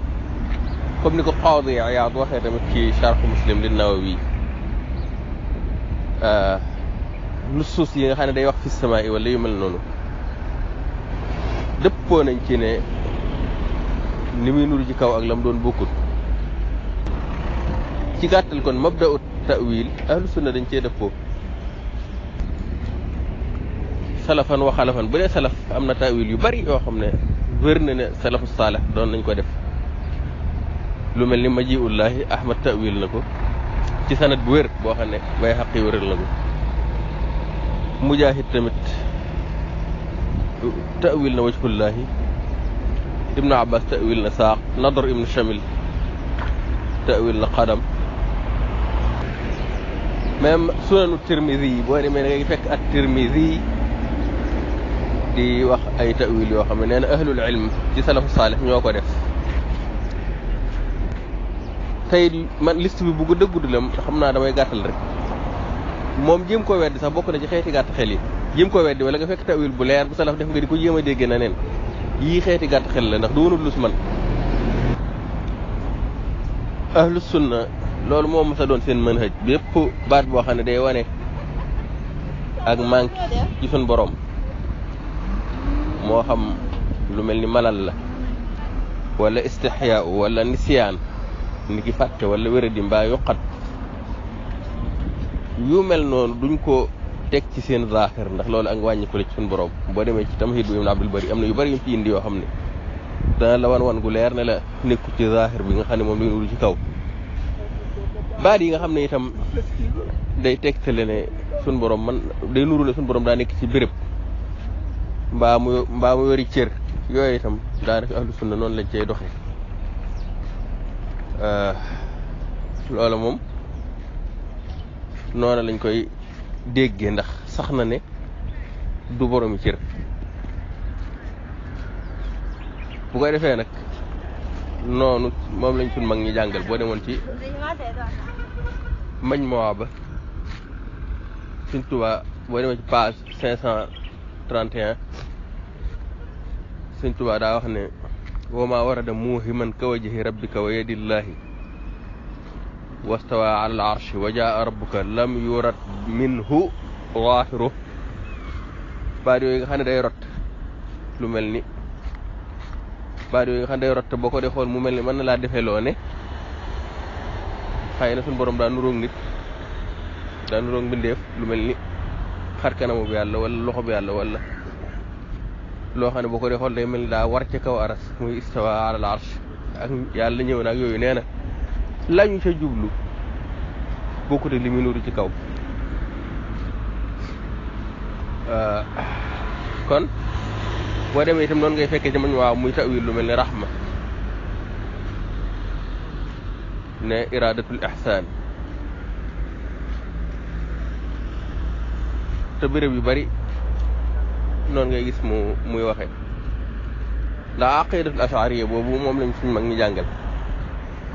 comme ni ko qaadi Iyaad waxee tamit ci charxu muslim li nawawi nusuus yi nga xam ne day wax fi samaa yi wala yu mel noonu dëppoo nañ ci ne ni muy nuru ci kaw ak lam doon bokkut ci gàttal kon mabda'u ta'wil ahlu sunna dañ cee dëppoo salafan wa xalafan bu dee salaf am na ta'wil yu bari yoo xam ne wér na ne salafu saalih doon nañ ko def lu mel ni majiullahi ahmad tawil na ko ci sanad bu wér bo xamne way haqi xaqi wéral na ko mujahid tamit tawil na wajhullahi ibn abbas tawil na saq nadr ibn shamil tawil la qadam même sunanu tirmidhi bo ni me ngay fek at tirmidhi di wax ay tawil yo xamne neena ahlul ilm ci salafu salih ñoko def tey man liste bi bu gudd a gudd la xam naa damay gàttal rek moom jéem koo weddi sax bokk na ci xeeti gàtt xel yi jéem koo weddi wala nga fekk tawil bu leer bu salaf def nga di ko jéem a dégg na neen yii xeeti gàtt xel la ndax doonul lus man ahlus sunna loolu moo mos doon seen mën manhaj bépp baat boo xam ne day wane ak manque ci suñ borom moo xam lu mel ni malal la walla istixyaa walla nisyaan ni ki fàtte wala wéradi mbaa yoqat yu mel noonu duñ ko teg ci seen zaaxir ndax loolu ak wàññi ko la ci suñu borom boo demee ci tamhid bu ibn abdul bari am na yu bari indi yoo xam ne dana la wan wan gu leer ne la nekku ci zaaxir bi nga xam ne moom lañu ul ci kaw yi nga xam ne itam day tegtale ne suñ borom man day nuru ne suñ borom daa nekk ci béréb mbaa mu mbaa mu yori cër yooyu itam lu ahlu sunna noonu lañ cey doxee Euh, loola moom noona lañ koy déggee ndax sax na ne du boromi cër bu koy defee nag noonu moom lañ suñ mag ñi jàngal boo demoon ci mañ moo ba suñ tubaa boo demoon ci page suñ tubaa daa wax ne wama warada muuhiman ka wajhi rabbika wa yadillaahi wastawa ala alarshi wa jaa rabbuka lam yurat minhu waahiru baat yooyu nga xam ne day rot lu mel ni baat yooyu nga xam ne day rot te boo xool mu mel ni mën na laa defee loo ne xëy na suñu borom daa nuróog nit daa nuróog mbindeef lu mel ni xar kanamu bi yàlla wala loxo bi yàlla wala loo xam ne boo ko dee xool day mel ni daa war ca kaw aras muy istawa alal arsh ak yàlla ñëw na yooyu nee na la ñu jublu bokkut ak li muy nuru ci kaw ah, kon boo demee itam noonu ngay fekkee ci mañ waaw muy tawil lu mel ne rahma ne iradatul ihsan te béréb yu bari non ngay gis mu muy waxe la aqidat al ash'ariyya bobu mom lañ suñu mag ni jangal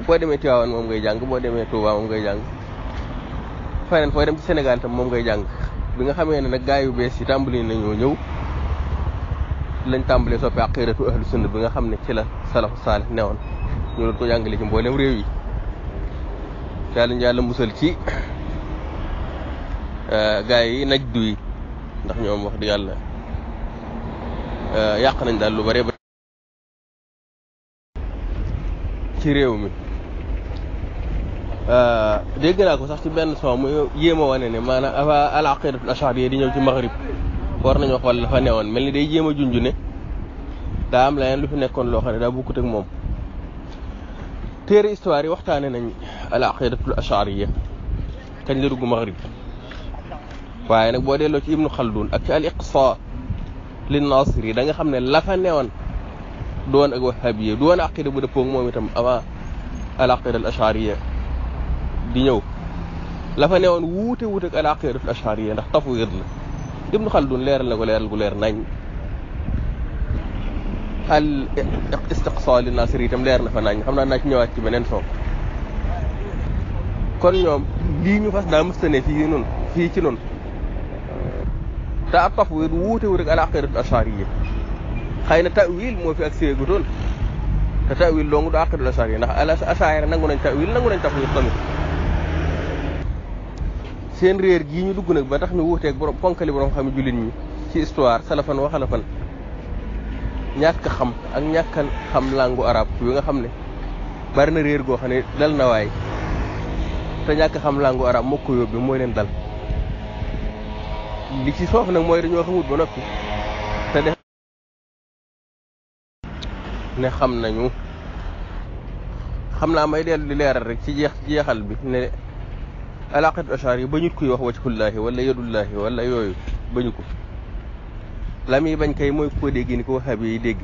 bo démé tiwaan mom ngay jang bo démé touba mom ngay jang fenen fo dem ci senegal tam mom ngay jang bi nga xamé né nak gaay yu bés ci tambali nañu ñew lañ tambalé soppi aqidat al sunna bi nga xamné ci la salaf salih néwon ñu ko jangalé ci mbolém réew yi yalla ñu yalla mussel ci euh gaay yi najdu yi ndax ñoom wax di yalla yàq nañ daal lu bare ba ci réew mi dégg naa ko sax ci benn son mu yéem a wane ne maanaam avant al aqidatul ashariya di ñëw ci maghrib war nañu wax wala dafa newoon mel ni day jéem a junj ne daa am leneen lu fi nekkoon loo xam ne daa bukkut ak moom téere histoire yi waxtaane nañ al aqidatul ashariya kañ la dugg maghrib waaye nag boo delloo ci ibnu xaldun ak ci al iqsa للناصري دا خا من لا فا نيون دون اك وهابيه دون عقيده بو دبو موم تام اوا العقيده الاشعريه دي نيو لا فا نيون ووتو ووتو العقيده الاشعريه ندخ تفويض ابن خلدون ليرال لاكو ليرال بو لير ناج هل استقصاء للناصري تام ليرنا فا ناج خمنا ناج نيوات تي بنين فوق كون نيوم لي ني فاس دا مستني في نون في تي te ak tafwid wuute wu rek al aqidatu ashariya xëy na tawil moo fi ak séegutoon te tawil loongu du aqidatu ashariya ndax al ashari nangu nangu nañ tafwid seen réer gii ñu dugg nag ba tax ñu wuuteeg borom ponkali borom xam jullit ñi ci histoire salafan wa xalafan ñàkk xam ak ñàkkan xam langu arab yu nga xam ne bari na réer goo xam ne dal na waay te ñàkk xam langu arab moo ko mooy leen dal li ci soof nag mooy dañoo xamut ba noppi te def ne xam nañu xam naa may dellu di leeral rek ci jeexal bi ne alaqatu achar yi ba ñut kuy wax wajhullaahi wala yadullaahi wala yooyu ba ñu ko bañ kay mooy ko dégg ni ko waxaabi yi dégg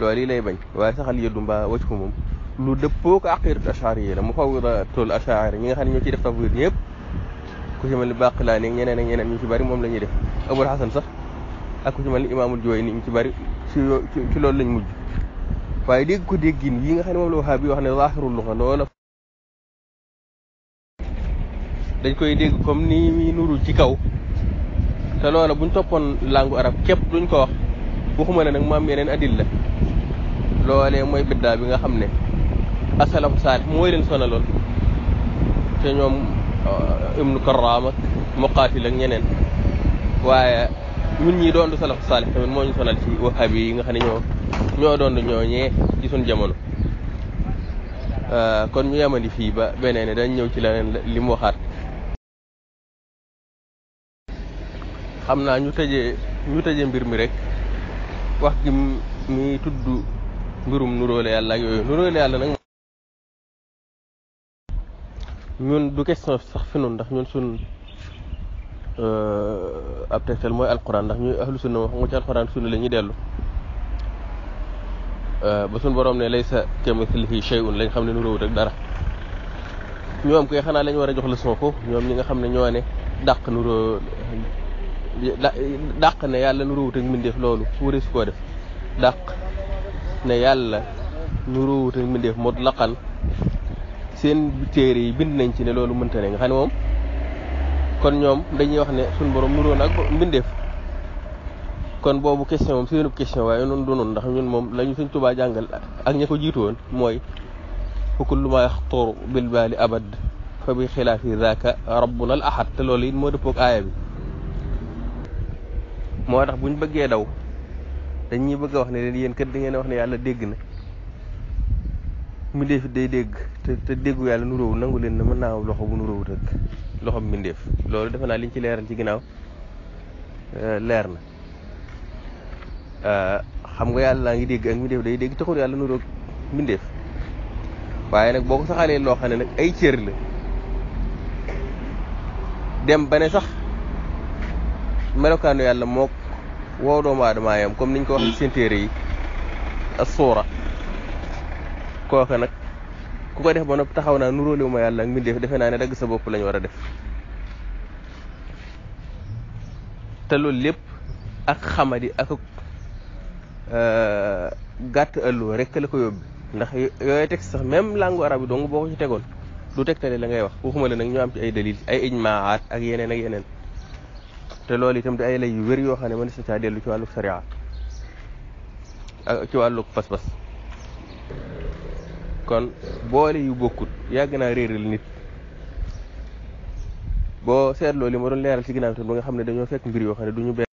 loolu yi lay bañ waaye saxal yëddu mbaa waj moom lu dëppoo ko aqidatu achar yi la mu faw tool achar ñi nga xam ne ñoo ciy def tafwid ñëpp ku ci mel ni Baqilaani ñeneen ak ñeneen ñu ci bari moom la ñuy def Abul Hasan sax ak ku ci mel ni Imaamul Juwayni ñu ci bari ci ci loolu lañ mujj waaye dégg ko déggin yi nga xam ne moom la bi wax ne zaahirul luxa loola dañ koy dégg comme ni muy ci kaw te loola buñ toppoon langue arab képp duñ ko wax waxuma ne nag maam yeneen adil la loolee mooy biddaa bi nga xam ne asalafu saalih mooy leen sonaloon te ñoom Euh, ibnu Karraam ak Muqaatil ak ñeneen waaye ñun ñi doon du salaf saalih tamit moo ñu sonal ci wahabi yi nga xam ne ñoo ñoo doon ñooñee ci suñ jamono. Euh, kon mi yemandi fii ba beneen dañ ñëw ci leneen li waxaat. xam naa ñu tëjee ñu mbir mi rek wax gi mi tudd mbirum nuróole yàlla ak yooyu yàlla nag. ñun du question sax fi noonu ndax ñun suñ ab tegtal mooy alquran ndax ñuy ahlu sunna wax nga ci alquran sunna la ñuy dellu ba suñ borom ne laysa kamithlihi shay'un lañ xam ne nu rëwut ak dara ñoom koy xanaa lañ war a jox la son ko ñoom ñi nga xam ne ñoo ne dàq nu roo dàq ne yàlla nu rëwut ak mbindeef loolu wuree su koo def dàq ne yàlla nu rëwut ak mbindeef mutlaqan seen téere yi bind nañ ci ne loolu mënta ne nga xam ne moom kon ñoom dañuy wax ne suñu borom nuróo ak mbindeef kon boobu question moom seenu question waaye noonu du noonu ndax ñun moom lañu ñu suñ tubaa jàngal ak ña ko jiitu woon mooy fa kullu ma yaxtur bil baali abad fa bi xilaafi zaaka rabbuna al ahad te loolu it moo dëppoog aaya bi moo tax buñ bëggee daw dañuy bëgga wax ne leen yéen kat da ngeen wax ne yàlla dégg na mbindeef day dégg te te déggu yàlla nu róowu nangu leen ne mën naa am loxo bu nu róowu rek loxom mbindeef loolu defe naa liñ ci leeral ci ginaaw euh, leer na euh, xam nga yàlla laa ngi dégg ak mbindeef day dégg taxul yàlla nu róog mbindeef waaye nag boo ko saxalee loo xam ne nag ay cër la dem ba ne sax melokaanu yàlla mook woo doomu aadama yam comme niñ ko wax ci seen téere yi as suura kooka nag ku ko def ba noppi taxaw naa nuróole wu ma yàlla ak mbindeef defe naa ne dagg sa bopp war a def te loolu lépp ak xamadi ak euh, gàtt ëlloo rek la ko yóbbu ndax yooyu teg sax même langue arabe yi boo ko ci tegoon du tegtale la ngay wax waxuma la nag ñu am ci ay dalil ay ijmaat ak yeneen ak yeneen te loolu itam di ay lay yu wér yoo xam ne mën na sa caa dellu ci wàllu sariya ak ci wàllu pas-pas kon boole yu bokkut yàgg naa réeral nit boo seetloo li ma doon leeral ci ginnaaw bi tam ba nga xam ne dañoo fekk mbir yoo xam ne du ñu benn